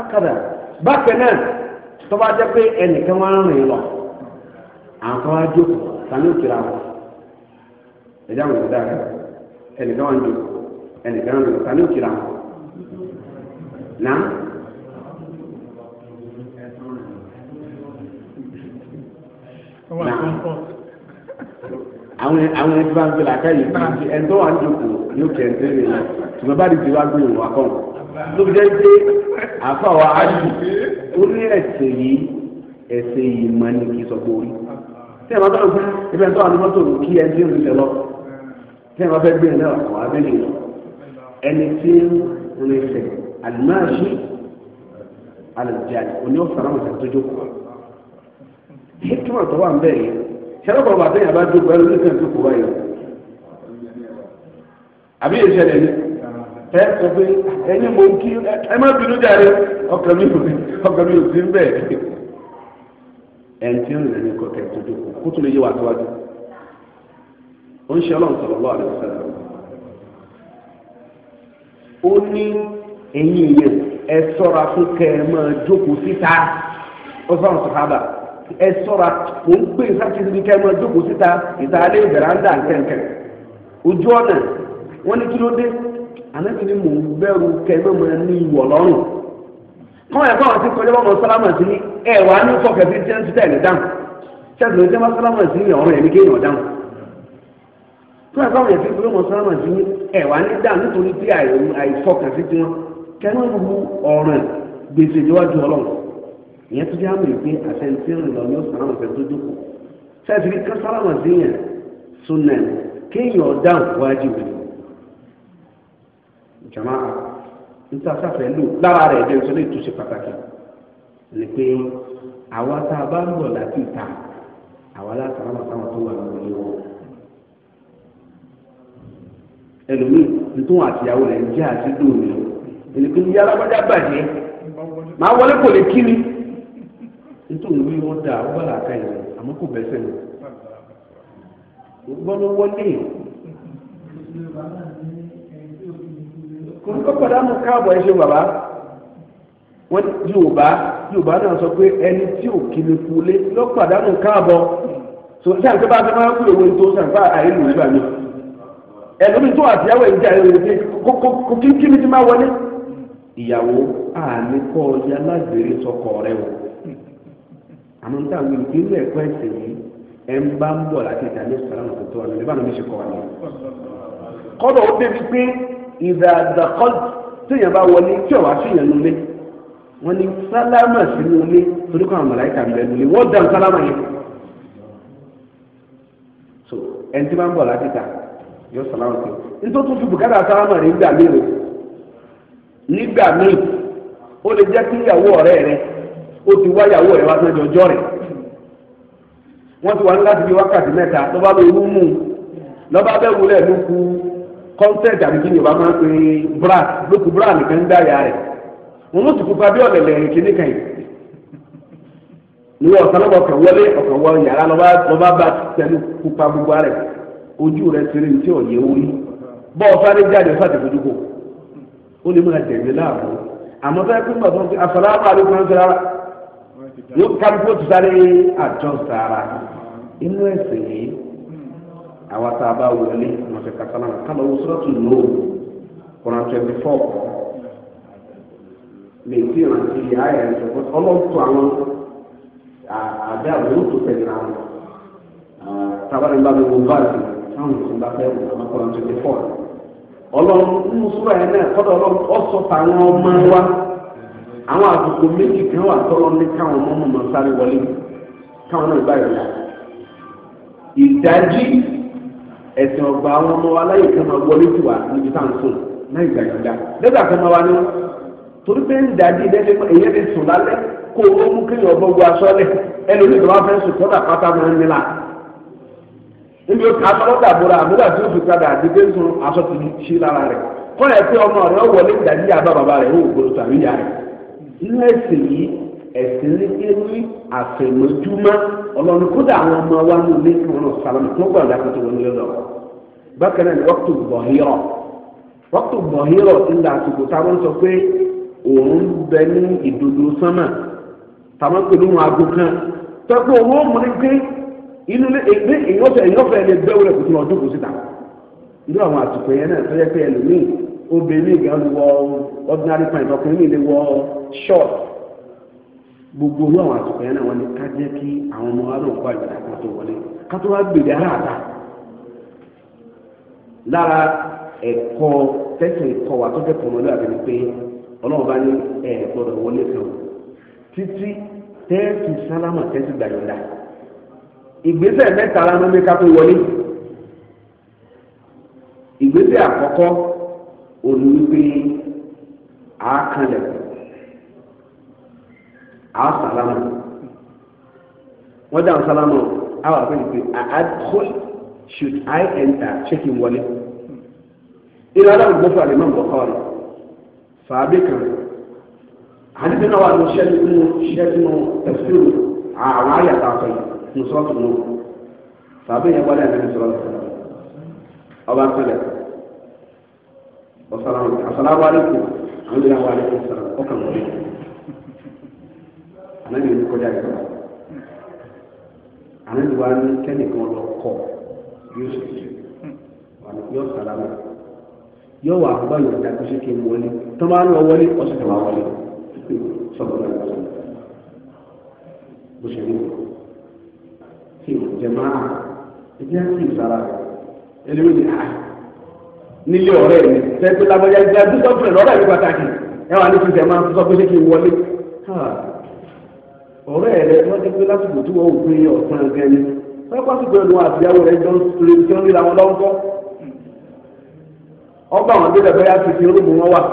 akadà bákan náà tọ́ba jẹ́ pé ẹnìkan wá ń rìn lọ àwọn kan wá jókòó sani òkèrè àwọn ẹ̀dá àwọn ìdá rẹ̀ ẹnìkan wá ń ẹnìkan wá ń sani òkèrè àwọn. nà àwọn àwọn ẹbí bá ń gbé làákàyè báńkì ẹni tó wà ń dòkò yóò kẹ́ ń tẹ́lẹ̀ yẹn tùmọ̀ bá di ti wá gbé òun wá kàn. lóbi jẹ́ pé àfa wa á yù ó ní ẹ̀sẹ̀ yìí ẹ̀sẹ̀ yìí mọ̀ ní kí sọ gbórí. tí ẹ̀ máa tọ́ ọ̀gbẹ́ ibi ẹ̀ tó wà ní mọ́tò kí ẹ̀ tí ó ti tẹ̀lọ́ tí ẹ̀ máa fẹ́ gbé ẹ̀lẹ́ ọ̀kọ̀ abẹ́lé lọ. ẹni tí ń rinṣẹ̀ àlùmáàṣì alàjì sẹ́wọ́n kọ̀ bàtẹ́ yàrá dùn pẹ̀lú nígbà tó kù báyọ̀ àbí ìṣẹ̀lẹ̀ ni ẹ sọ pé ẹni mo kí ẹ má bínú jáde ọkàn mi ò ọkàn mi ò sí ń bẹ̀ ẹ̀ ń tí ń rìn ní kọ̀kẹ́ tó dùn kó tó lè yé wa tó wájú ó ń ṣe ọlọ́run sọ̀rọ̀ lọ́wọ́ àdéhùn sẹ́lẹ̀ ó ní ẹ̀yin ìyẹn ẹ sọ́ra fún kẹ́ ẹ máa jókòó síta ó sọ̀rọ̀ sọ̀rọ̀ ẹ sọ́ra mò ń pè sákìsì ní kẹ́mọ́ jókòó síta ìtàlẹ́ veranda nkẹ́nkẹ́ ojú ọ̀nà wọ́n ní kí ló dé ànábi ni mò ń bẹ̀rù kẹ́mọ́ ní ìwọ̀ lọ́rùn kọ́ ẹ̀ ti kọjá báwọn sálámà sí ní wà á ní ń dáhùn ní sálámà sí ní ọ̀rọ̀ ẹ̀mí kéèyàn dáhùn ti kọjá sálámà sí ní ìyẹn tó jẹ́ àmì pé àtẹ̀ntì rìn lọ ní òsàn àwọn ìfẹ́ tó dúkù sẹ́ẹ̀sì rí kásálámà síyàn súnà kéèyàn dáhùn wájú rẹ̀ jama níta sáfẹ́ lò lára rẹ̀ ẹ̀dẹ́ ìṣẹ́lẹ̀ ìtúnṣe pàtàkì ni pé àwa tá a bá ń bọ̀ láti ìta àwa látàrámà táwọn tó wà lórí wọn ẹlòmíì nítorí àtìyàwó rẹ̀ ń jẹ́ àti dùn mí ẹni pé yàrá bàjẹ́ bàjẹ́ màá wọlé kò lè kí ni nítorí wí wọ́n dáa ó bá làákà yìí àmọ́ kò bẹ́sẹ̀ lọ. gbọ́dọ̀ wọlé. kò ní kó pàdánù káàbọ̀ ẹ ṣe bàbá wọ́n yorùbá yorùbá náà sọ pé ẹni tí ò kiri kulé ló pàdánù káàbọ̀ sàǹkẹ́ bá sábà kú èwe tó sàǹkà àìlù ìgbà mi ẹlòmíì tó àtìyàwó ẹ̀ ń jà ẹ̀rọ ìdí kò kí kí ni ti máa wọlé. ìyàwó àníkọ́ ọ̀yà lágbèrè àmọ́ níta àwọn ìdílé ẹ̀kọ́ ẹ̀sìn yìí ẹ̀ ń bá ń bọ̀ láti ìtàlẹ́ ìsọ̀rọ̀ àwọn tó wà lónìí báwọn méjì kọ́ wa lọ. kọ́dọ̀ ó débi pé ìdàdàkọ́ tíyẹn bá wọlé tí ò wá síyẹn nulẹ̀ wọ́n ní sálámà sí nulẹ̀ torí kọ́ àwọn màláìkà ń bẹ nulẹ̀ wọ́n dàn sálámà yẹn. so ẹni tí bá ń bọ̀ láti ìta yọ sálámà sí nítorí tó fi bùkátà sálámà rẹ̀ nígbà míì ó ti wá ìyàwó rẹ̀ wá sọ́jọ́ ọjọ́ rẹ̀ wọ́n ti wá ní láti bí wákàtí mẹ́ta lọ́ba bẹ wú mú lọ́ba bẹ wúlẹ̀ ló kọ́ńtẹ́ẹ̀tì àbí ni ìbá máa ń pè é bra ló ku bra nìkan ń dá ìyá rẹ̀ wọ́n mú tùkú bí ọ̀lẹ̀lẹ̀ kíní kan yìí ni wọlé wọ yàrá lọ́ba bá tẹnu gbogbo rẹ̀ ojú rẹ̀ yóò kálukú ti sáré àjọ sàrà inú yìí tá a bá wọlé ọmọdé kásánà kálọ̀ wọ́sọ́tù lò kọ́nà twenty four lè tí ìrántí ayẹ̀ ẹ̀sìn ọlọ́tọ̀ àwọn àbẹ́ àwọn tó tẹ̀lé àwọn tábàrin bá mi wọ báàgì táwọn ìsìn bá fẹ́ wọ ọmọkùnrin twenty four ọlọ́run àwọn àsìkò méjì kan wà tọ́lọ́ ní káwọn ọmọ mọ̀mọ́ sáré wọlé káwọn náà báyìí lọ. ìdájí ẹ̀sìn ọgbà àwọn ọmọ wa láyè kan máa wọlé tù wá níbi tá à ń sùn náà ìgbà ìgbà lẹ́gbà kan máa wá ní torí pé ń dájí ìdẹ́gbẹ́ èyí ti sùn lálẹ́ kó o mú kéèyàn ọgbọ́n gba aṣọ lẹ̀ ẹlòmíì tó bá fẹ́ sùn tọ́lá pátá máa ń nílà níbi asọ́lọ́dà bóra àbúrò tí ó fi padà àdìgbé sun aṣọ ti ṣí lára rẹ̀ kọ́ ẹ̀ pé ọmọ rẹ̀ wọlé ìdájí àbá bàbá rẹ̀ ó gbòòrò tàbí ìyá inú ẹ̀sìn yìí ẹ̀sìn lékè ní àfẹ̀mọ́júmọ́ ọlọ́run kódà àwọn ọmọ wa ní ilé kí wọ́n lọ sàlámù tó gbà láti tó wọlé lọ. bákan náà ni wọ́pútù bọ̀hírọ̀ wọ́pútù bọ̀hírọ̀ ńlá àsìkò táwọn sọ pé òun bẹ ní ìdodo sánmà táwọn pè ní wọn aago kan tọ́pọ̀ owó múni pé inú ilé ìyọ́fẹ́ ìyọ́fẹ́ lè bẹ́ wọlé kùtù ọdún síta àwọn àtùkọ yẹn náà obìnrin gan wọ ṣọ́ọ̀tì gbogbo owó àwọn àtùkọ yẹn náà wọlé ká jẹ́ kí àwọn ọmọ wa náà kó àgbàdo kan tó wọlé ká tó wá gbèdé àràbà lára ẹ̀kọ́ tẹ̀sán ẹ̀kọ́ wa tó kẹ́kọ̀ọ́ ọmọdé àti ni pé bá ní títí sálámà la ló ní ká tó wọlé òní àwọn sàlámù wọ́n dáhùn sàlámù àwọn àfẹ́yìn pé àádọ́l should I enter check in wọlé ìlú aláwọ̀ gbọ́fọ́ àlẹ́mọ̀ bọ̀kọ́ rẹ̀ fàábí kan àdìsẹ́ náà wà ní sẹ́ẹ̀tì mú sẹ́ẹ̀tì mú ẹ̀fíù àwọn àyàtà sọ yìí nùsọ́ọ̀tù mú fàábí yẹn wọlé àti nìsọ́ọ̀tù ọba sọlẹ̀ ọ̀sálàmù àsálàmù àlẹ́kùn àwọn ìlú àwọn àlẹ́kùn sọ̀rọ̀ ọkàn wọlé ànábì ní kọjá ìjọba ànábì wa ní kẹ́nìkan lọ kọ yóò sì jù yóò sàlámà yóò wà bá yóò dá kóso kí n wọlé tó bá ń lọ wọlé ọ̀sẹ̀ tó wà wọlé sọ̀rọ̀ náà lọ́sọ̀ bó ṣe ní kí n jẹ máa ẹjẹ kí n sara ẹlẹ́mi ní ah, a nílé ọ̀rẹ́ mi tẹ́tí lábọ́jà ìgbà tó sọ́kùnrin lọ́rọ̀ ìlú pàtàkì ẹ wà ní kí n jẹ máa sọ ọ̀rọ̀ rẹ wọ́n ti pé lásìkò tí wọ́n ò pé ọ̀sán gan ya a pàṣípò ẹnu àtìyàwó rẹ jọ ń sèré tí wọ́n ríra wọn lọ́wọ́ ọgbà wọn débẹ̀ bẹ́ẹ̀ ti fi orúkọ wọn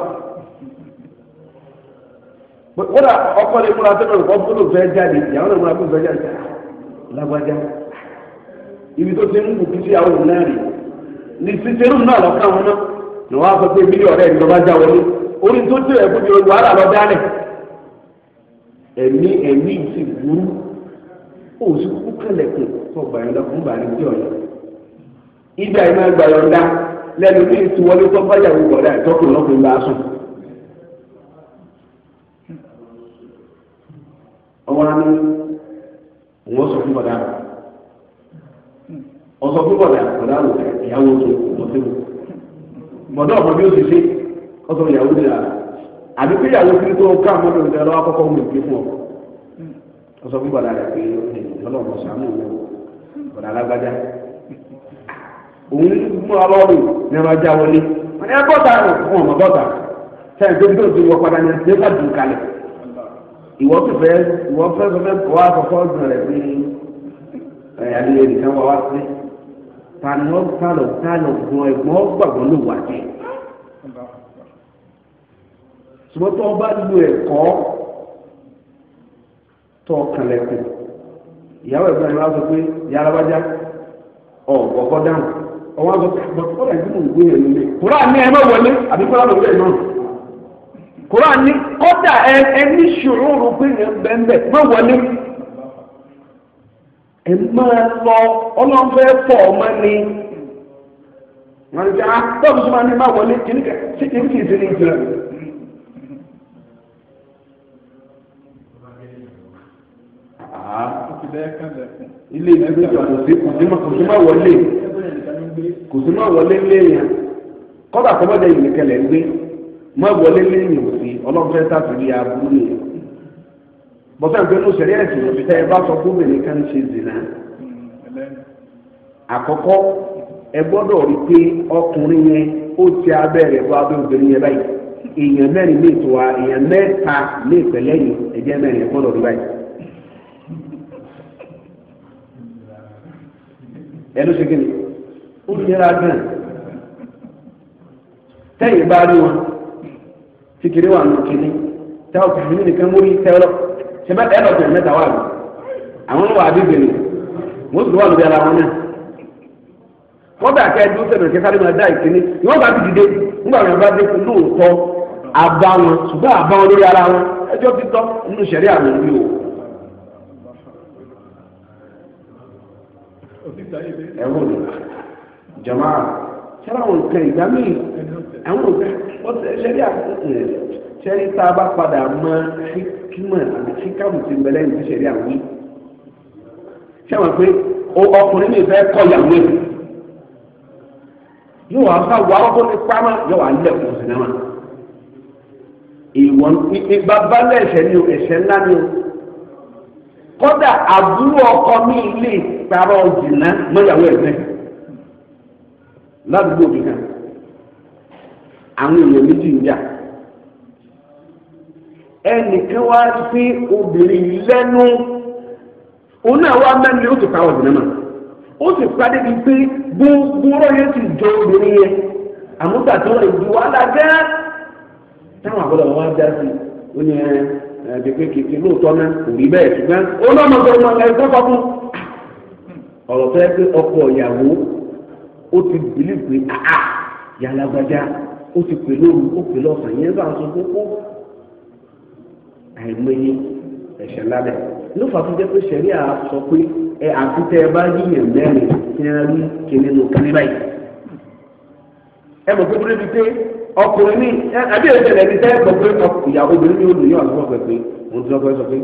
ọkọ lè múra tó jáde ìyàwó lè múra jáde lágbájá ibi tó ti ń àwọn òun náà rè náà lọ́kàn wọn náà ni wọ́n á pé ẹ̀mí ẹ̀mí ti burú òsì kú kẹlẹ̀kẹ̀ tó gbàyànjọ fún bàrí tí ọ̀yọ́ ibà yìí máa gbàyànjá lẹ́nu bí ti wọlé tó bá yàwó gbọ̀dá ìtọ́kùn lọ́kùnrin bá sùn. ọwọ́ á ní wọ́n sọ fún bọ̀dá ọ̀sọ̀ fún bọ̀dá bọ̀dá wò ìyàwó tó ọ̀sẹ̀ wò bọ̀dá ọ̀pọ̀ bí ó ti ṣe ọ̀sọ̀ ìyàwó ti rà àbí pé ìyàwó tí tó ká àmọ́ lòdì ẹ̀rọ akọ́kọ́ ń gbé fún ọ. wọ́n sọ fún bàdà rẹ̀ pé ọlọ́run sàánú mi bàdà alágbájá. òun mú ọlọ́run ní ẹ̀rọ ajá wọlé wọ́n ní ẹgbọ́ta rẹ̀ fún ọmọ bọ́ta sẹ́yìn tó ń tó ń wọ padà ní ẹgbẹ́ bá dùn kalẹ̀. ìwọ tó fẹ́ ìwọ fẹ́ sọ fẹ́ kọ́ àkọ́kọ́ ọ̀dùn rẹ̀ pé ẹ̀yà lè nìkan wá wá sí. tani wọ́n ṣùgbọ́n tó bá lo ẹ̀kọ́ tó kànlẹ̀kùn ìyàwó ẹ̀gbọ́n rẹ̀ wá sọ pé yàrá bá já ọ̀gbọ̀gbọ́ dáhùn ọwọ́ sọ pé kọ́lá ìdí mò ń yẹn lé kúrò àní ẹ má wọlé àbí náà kúrò àní ẹ ẹ ní ṣòro ni wọn ti sọ máa ní ilé ìdúgbò kò sí kò sí má wọlé kò sí má wọlé léèyàn kọ́dà kọ́mọ́dé ìlẹ̀kẹ̀lẹ̀ ń gbé má wọlé léèyàn ò sí ọlọ́fẹ́ sàtúndì àbúrò yẹn ń sẹ̀rí ẹ̀sìn ẹ bá sọ fún ṣe zìnà àkọ́kọ́ ẹ gbọ́dọ̀ rí pé ọkùnrin yẹn ó ti abẹ́rẹ́ bọ́ yẹn báyìí èèyàn mẹ́rin ní ìtura èèyàn mẹ́ta ní ìpẹ́lẹ́yìn ẹ̀jẹ̀ mẹ́rin ẹnu ṣe kíni ó nira gan tẹ́yìn bá rí wọn tí wà nù kíní tẹ́ ọ kàmí nìkan mórí tẹ́ ọ lọ ṣe mẹ́ta ẹ lọ tẹ̀ mẹ́ta wà lọ àwọn ọlọ́wà àbíbèrè wọ́n sì wà lóbi ara wọn náà kẹta ló máa dá ìkíní bá ti dìde nígbà wọn bá dé wọn wọn lórí ara wọn nínú o. ẹ̀wọ̀ ni jama ṣẹlẹ̀ àwọn nǹkan ìgbà míì àwọn nǹkan ṣẹlẹ̀ àwọn ṣẹlẹ̀ tá a bá padà mọ kíkímọ̀ àti kíkàmù ti bẹ̀rẹ̀ ní ṣẹlẹ̀ àwọn yìí ṣẹlẹ̀ pé ọkùnrin mi fẹ́ kọ́ ìyàwó ẹ̀ yóò wá bá wà ọ́kọ́ ní pàmò yóò wá lẹ́kùn sinimá ìwọ̀n ìgbà bá lẹ́sẹ̀ ni o ẹ̀sẹ̀ ńlá ni o. kódà àbúrò ọkọ mi lè parọ́ jìnnà mọ́yàwó ẹ̀gbẹ́ ládùúgbò mi kan àwọn èèyàn méjì ń jà ẹnìkan wá sí obìnrin lẹ́nu òun náà wá mẹ́rin ó sì parọ́ jìnnà mọ́ ó sì bíi pé gbogbo yẹn ti jọ obìnrin yẹn wàhálà gẹ́ẹ́ táwọn wọn wá ó ní ẹ̀jẹ̀ pé kìkì lóòótọ́ náà kò rí bẹ́ẹ̀ ṣùgbọ́n ó lọ́mọ tó lọ ẹ̀ sọ́kọ́ fún. ọ̀rọ̀ fẹ́ pé ọkọ ìyàwó ó ti bìlí pé àá yàlágbájá ó ti pè lóru ó pè lọ́sàn yẹn bá ń sọ kókó àìmọye ẹ̀ṣẹ̀ lábẹ́ ló fà fún jẹ́ pé ṣẹ̀rí à sọ pé ẹ àtúntẹ́ ẹ bá yíyàn mẹ́rin tí wọ́n rí kíní lókè ní báyìí ẹ mọ̀ pé kúrẹ́bí pé ọkùnrin ní ẹbí ẹsẹ̀ lẹni tẹ gbọgbẹ ìyàwó obìnrin ní olùyọ àti ọgbẹ pé mo ti ọgbẹ sọ pé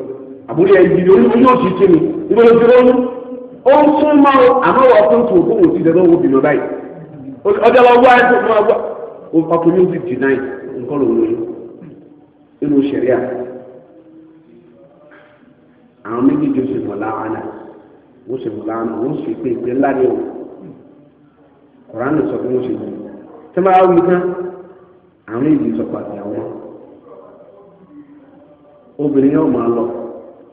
àbúrò ẹ yìí lórí yóò sì kí mi ìgbà ló ó ń o wà fún tòun kó wò sí ìdẹ́gbẹ́ wo bìnrin báyìí ọjọ́ lọ wá ẹ̀sùn ọkùnrin ti dì náà nǹkan ló nínú àwọn pé o àwọn èyí sọ pàtì àwọn obìnrin yóò máa lọ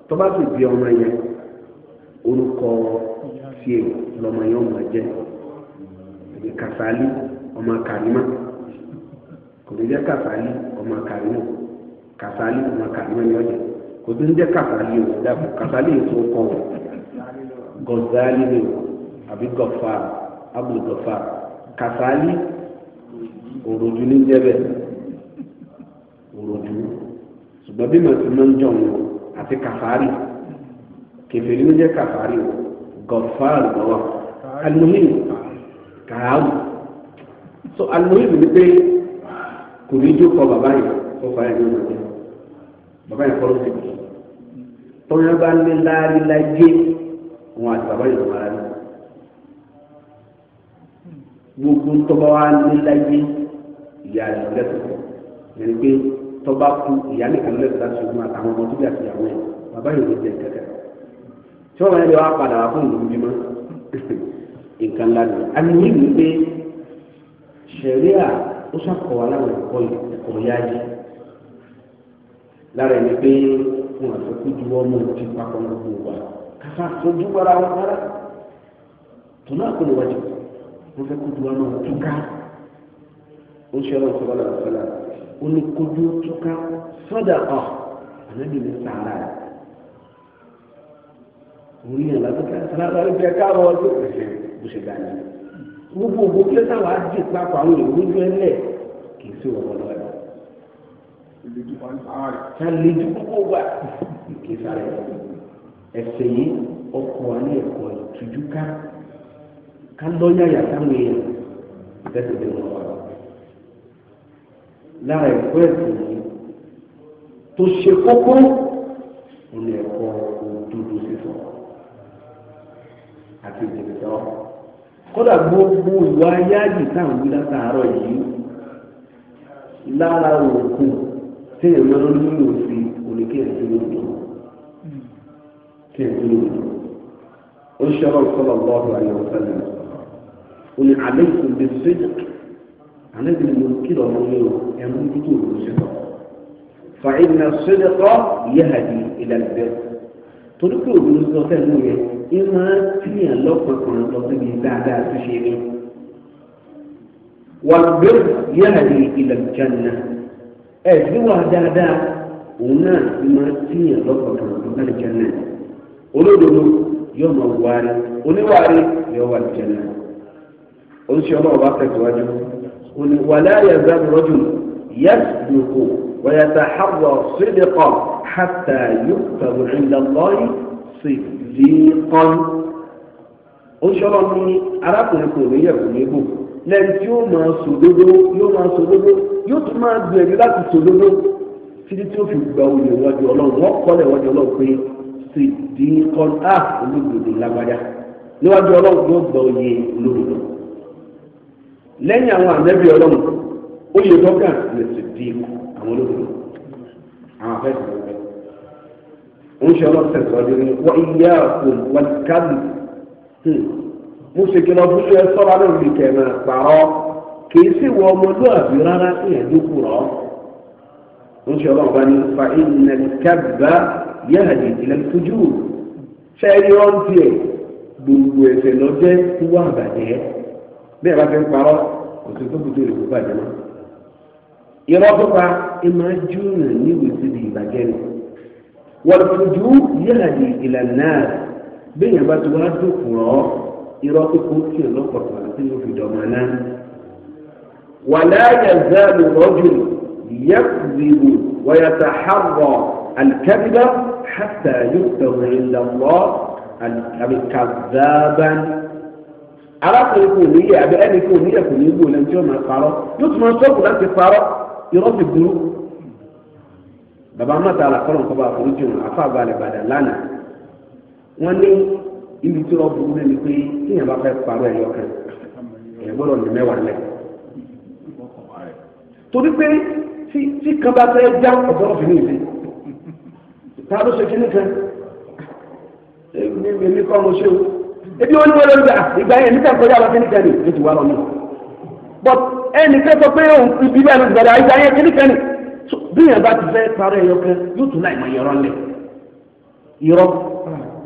tó bá sì bí ọmọ yẹn orúkọ tiẹ̀ lọmọ yẹn ọmọ jẹ ẹbí kàfàlì ọmọ kàrímà kò ní jẹ kàfàlì ọmọ kàrímà kàfàlì ọmọ kàrímà ni ọjà kò ní jẹ kàfàlì o dàpọ̀ kàfàlì yìí tó kọ̀ wọ̀ ni o àbí gọ̀fà abùgọ̀fà kàfàlì òròjú ní jẹ́bẹ̀ òròjú ṣùgbọ́n bí màtí máa ń jọ wọn àti kàfárì kẹfẹ́rí ló jẹ́ kàfárì o lọ́wọ́ alimuhim kàáwù so alimuhim ni pé kò ní jókòó bàbá yìí kó fà yẹn ní ọmọdé bàbá yẹn kọ́ ló ti bì tọ́yọ́ bá ń lé láàrin láyé wọn àti bàbá yìí lọ́wọ́ gbogbo tọba wa ní láyé ìyá rẹ lẹsọkọ yẹn pé tọba kú ìyá nìkan lẹsọ láti ṣùgbọ́n àtàwọn ọmọ tó bí àti ìyàwó yẹn bàbá yìí ló jẹ kẹkẹ tí wọn yẹn lè wá padà wá fún ìlú bímọ nǹkan ńlá ni àníyí ni pé sẹríà ó ṣàkọwà láwọn ẹ̀kọ́ ẹ̀kọ́ yáyé lára ẹni pé wọn àti kújú ọmọ ti papọ̀ gbogbo wa kàkà tó dúpọ̀ ara wọn rárá tó náà kó lè wájú ó fẹ́ kójú wa náà túká ó ṣe ọlọ́run sọ́wọ́n náà sọ́lá ó ní kójú túká sọ́dà ọ̀ ànábì ní sàárà rẹ̀ orí yẹn lásìkò sàárà rẹ̀ jẹ́ káàrọ̀ ọdún ẹ̀hẹ́ bó ṣe dání gbogbo ògbó kí ló sáwà á dì papọ̀ àwọn èrò ojú ẹ̀ lẹ̀ kì í sí ọ̀rọ̀ lọ́wọ́ ẹ̀ ká lójú púpọ̀ wà kì í sáré ẹsẹ̀ yìí ọkọ̀ alẹ́ ẹ̀kọ́ ìtújú ká ká lọ́yà yàtá mi yà ìfẹsẹ̀tẹ̀ wọn wà. lára ẹ̀kọ́ ẹ̀sìn yìí tó ṣe kókó òun ẹ̀kọ́ òdodo sísọ àti ìdìbò kódà gbogbo ìwà yáàdì táwọn wí látàárọ̀ yìí lára òkun tí èèyàn máa ń nílò sí oníkéèyàn tó lòdì kéèyàn tó lòdì ó ṣọlọ ìkọlọ bọọlù àyẹ̀wò sẹlẹ. olè àlékún lè sèdè àlékún lè kìlọ̀ lórí o ẹ̀mú títí òkú sẹ́tọ̀ fa ìnà sèdè kọ́ yahadi ìlànà bẹ́ẹ̀ torí pé òkú sọ fẹ́ẹ́ mú yẹ ẹ máa tìyàn lọ́kọ̀ọ̀kan lọ síbi dáadáa tó ṣe ní. wà bẹ́ẹ̀ yahadi ìlànà jẹ́nà ẹ̀ sí wà dáadáa òun náà ti máa lọ síbi olódodo yóò máa yóò oníṣẹ Ọlọ́run bá tẹsíwájú wàláyà zaburọjù yasduku wàyàtà hàwà sídìkọ hàtà yókùtàbù ìlànlọyì sídìkọn oníṣẹ Ọlọ́run ní arákùnrin kò ní yẹ̀wò níbò lẹ́yìn tí ó máa sòdodo yóò máa sòdodo yóò tún máa gbìyànjú láti sòdodo títí tí ó fi gba oyè wájú Ọlọ́run wọn kọ́lẹ̀ wájú Ọlọ́run pé sídìkọn á ah, olódodo lágbájá níwájú Ọlọ́run yóò gba oyè olódodo. lẹ́yìn àwọn ànábì ọlọ́run oyè dọ́kà lè di àwọn olóògùn àwọn afẹ́sẹ̀ ọ̀gbẹ́ ń ṣe ọlọ́sẹ̀ n'i ní wọ́n ilé àpò wọn kábì mo ṣe kí lọ fún ṣe sọ́ra lórí kẹ̀mẹ́ pàrọ́ kìí sì wọ ọmọlúwàbí rárá sí ẹ̀dínkù rọ́ ń ṣe ọlọ́run bá ní fa ìnẹ̀ kábà yáàdì ìlẹ̀ tójú ṣẹ́ẹ́rì ọ́n bí ẹ bá fi ń parọ́ òtún tó kùtù ìlú bàjẹ́ mọ́. irọ́ pípa ẹ máa jú nà ní ìwòsí di ìbàjẹ́ ni. wọ́n fojú yíyá di ìlànà bí ẹ bá ti wá dùkùn rọ́ irọ́ pípa ó kí ẹ lọ́pọ̀tọ̀ àti ní òfin dọ̀mọ́ náà. wàlá yàzáàlù rọ́jù yàkùzìbù wàyàtàhàrọ̀ àlùkàbíbá hàtà yóò tẹ̀wé ìlànà àlùkàbíbá. arákùnrin kò ní yẹ àbẹ ẹnì kò ní yẹ kò ní gbò tí ó máa yóò tún máa sọ́ọ̀kù láti parọ́ irọ́ ti burú. bàbá bá afọ bàdà lánàá wọ́n ní ibi tí wọ́n burú lẹ́nu pé kíyàn bá fẹ́ parọ́ ẹ̀yọ kan ẹ̀ gbọ́dọ̀ ní mẹ́wàá lẹ̀. torí pé tí kan bá fẹ́ já ọ̀dọ́rọ̀ fi ní ló ṣe kan ebi wọn ní wọn lọ́dún gbà ìgbà yẹn níta kọjá lọ kíníkà ni ètò wà lọ́nà but ẹnì kan sọ pé òun fi bíbí àná ìgbàdà ìgbà yẹn kíníkà ni bí yẹn bá ti fẹ́ parọ́ ẹ̀yọ kan yóò tún láì mọ ìyọrọ lẹ̀ irọ́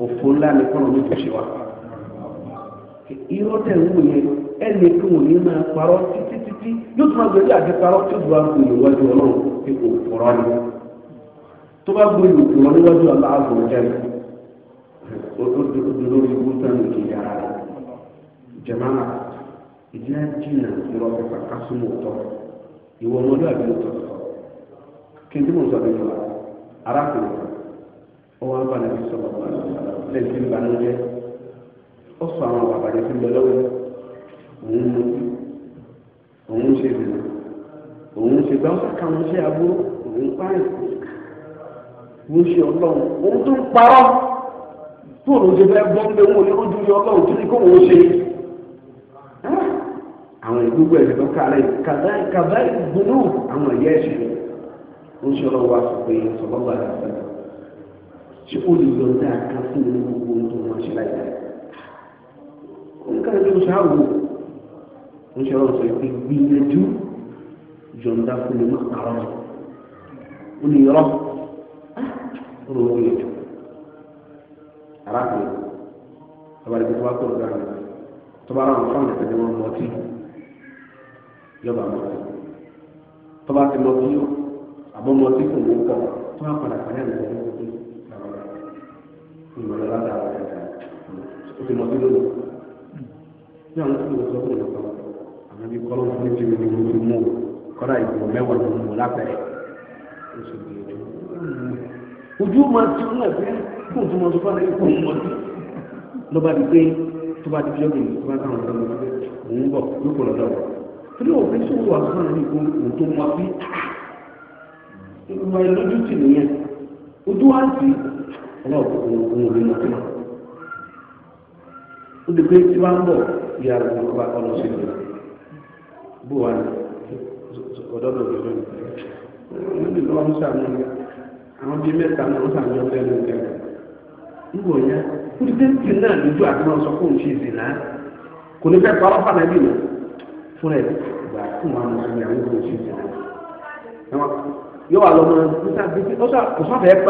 òfò ńlá ni kọ́nà ló tó ṣe wa irọ́ tẹ̀ ń wò yẹn ẹnì kan ò ní máa parọ́ títí títí yóò tún máa gbẹ̀dẹ̀ àti parọ́ tó bu àgbo ìwájú ọlọ́run pé òfòrọ́ ni tó bá gbé òfòrọ́ níwájú aláàbò jẹ́ olórí ibú sánú kejì ara rẹ̀ jẹ̀máà ìdí ajínà irọ́ pípa kásùmọ̀ ọ̀tọ̀ ìwọ ọmọdé àbí ọ̀tọ̀ sọ kí n tí mo sọ bí wà arákùnrin ọwọ́ abalẹ̀ fi sọ̀rọ̀ lẹ́yìn tí ń òun òun òun òun òun tó òun ṣe fẹ́ gbọ́ pé òun onírúurú ni ọlọ́run tó ní kó òun ṣe. àwọn ìgbógbó ẹ̀sìn tó kálẹ̀ kàdá ìgbónú àwọn ẹ̀yẹ ẹ̀sìn ló ń ṣe ọlọ́wọ́ aṣọ pé sọlọ́gbà rẹ̀ sẹ́yìn ṣé ó lè yọ dáa kan fún mi gbogbo ohun tó wọ́n ṣe láì dáa. oníkàlẹ́ ló ń ṣàwò ń ṣe ọlọ́run sọ pé gbìyànjú yọ̀ǹda fún mi má parọ́ ó lè yọ̀rọ̀ ó lè yọ̀rọ̀ arákùnrin ọba àti tó bá kó lọ́dọ̀ àná tó bá ráwọn fáwọn ìpàdé wọn mọ ọtí yọba mọ ọtí tó bá ti mọ ọtí yọ àbọ̀ mọ ọtí kò ní kọ tó bá padà pàdé àná ìpàdé wọn pé ìmọ̀lẹ́ láti àwọn ẹ̀ka ó ti mọ ọtí lónìí ní àwọn tó lọ sọ fún ìlọ́kọ̀ àwọn ibi kọ́ lọ́wọ́ ní ní mo ti mú kọ́dà ìgbìmọ̀ mẹ́wàá ló ń mú lápẹ̀rẹ̀ oṣù gbìyànjú ojú máa ti ń lẹ̀ fún kó tó mọ tó bá lẹ́yìn kó mọ tó ló bá di pé tó bá di pé ọ̀gbìn tó bá dáhùn lọ́dọ̀ lọ́dọ̀ òun bọ̀ ló kọ̀ lọ́dọ̀ wọ̀ torí òun fi sọ̀rọ̀ wà fún àwọn ìkó òun tó mọ fi ah, ìwà ìlójú tì nìyẹn ojú wa ti ọlọ́ọ̀kọ̀ òun ò lè mọ̀ tó mọ̀ ó di pé tí wàá ń bọ̀ ìyá rẹ̀ kò bá ọ̀nà sí ìlú bó wà ní ọ̀dọ́ lọ́dọ̀ lọ́dọ̀ àwọn bíi mẹ́ta náà ń sàmì ọ̀gbẹ́ni ìgbẹ́ni nígbò yá pírísẹ́ǹtì náà lójú àti máa sọ fóun ṣe ìsìn náà kò ní fẹ́ parọ́ fànà bí mi fúnra ẹ̀ gbà fún àwọn mùsùlùmí àwọn fóun ṣe náà yóò wà lọ́mọ nígbà tó sọ fẹ́ pa.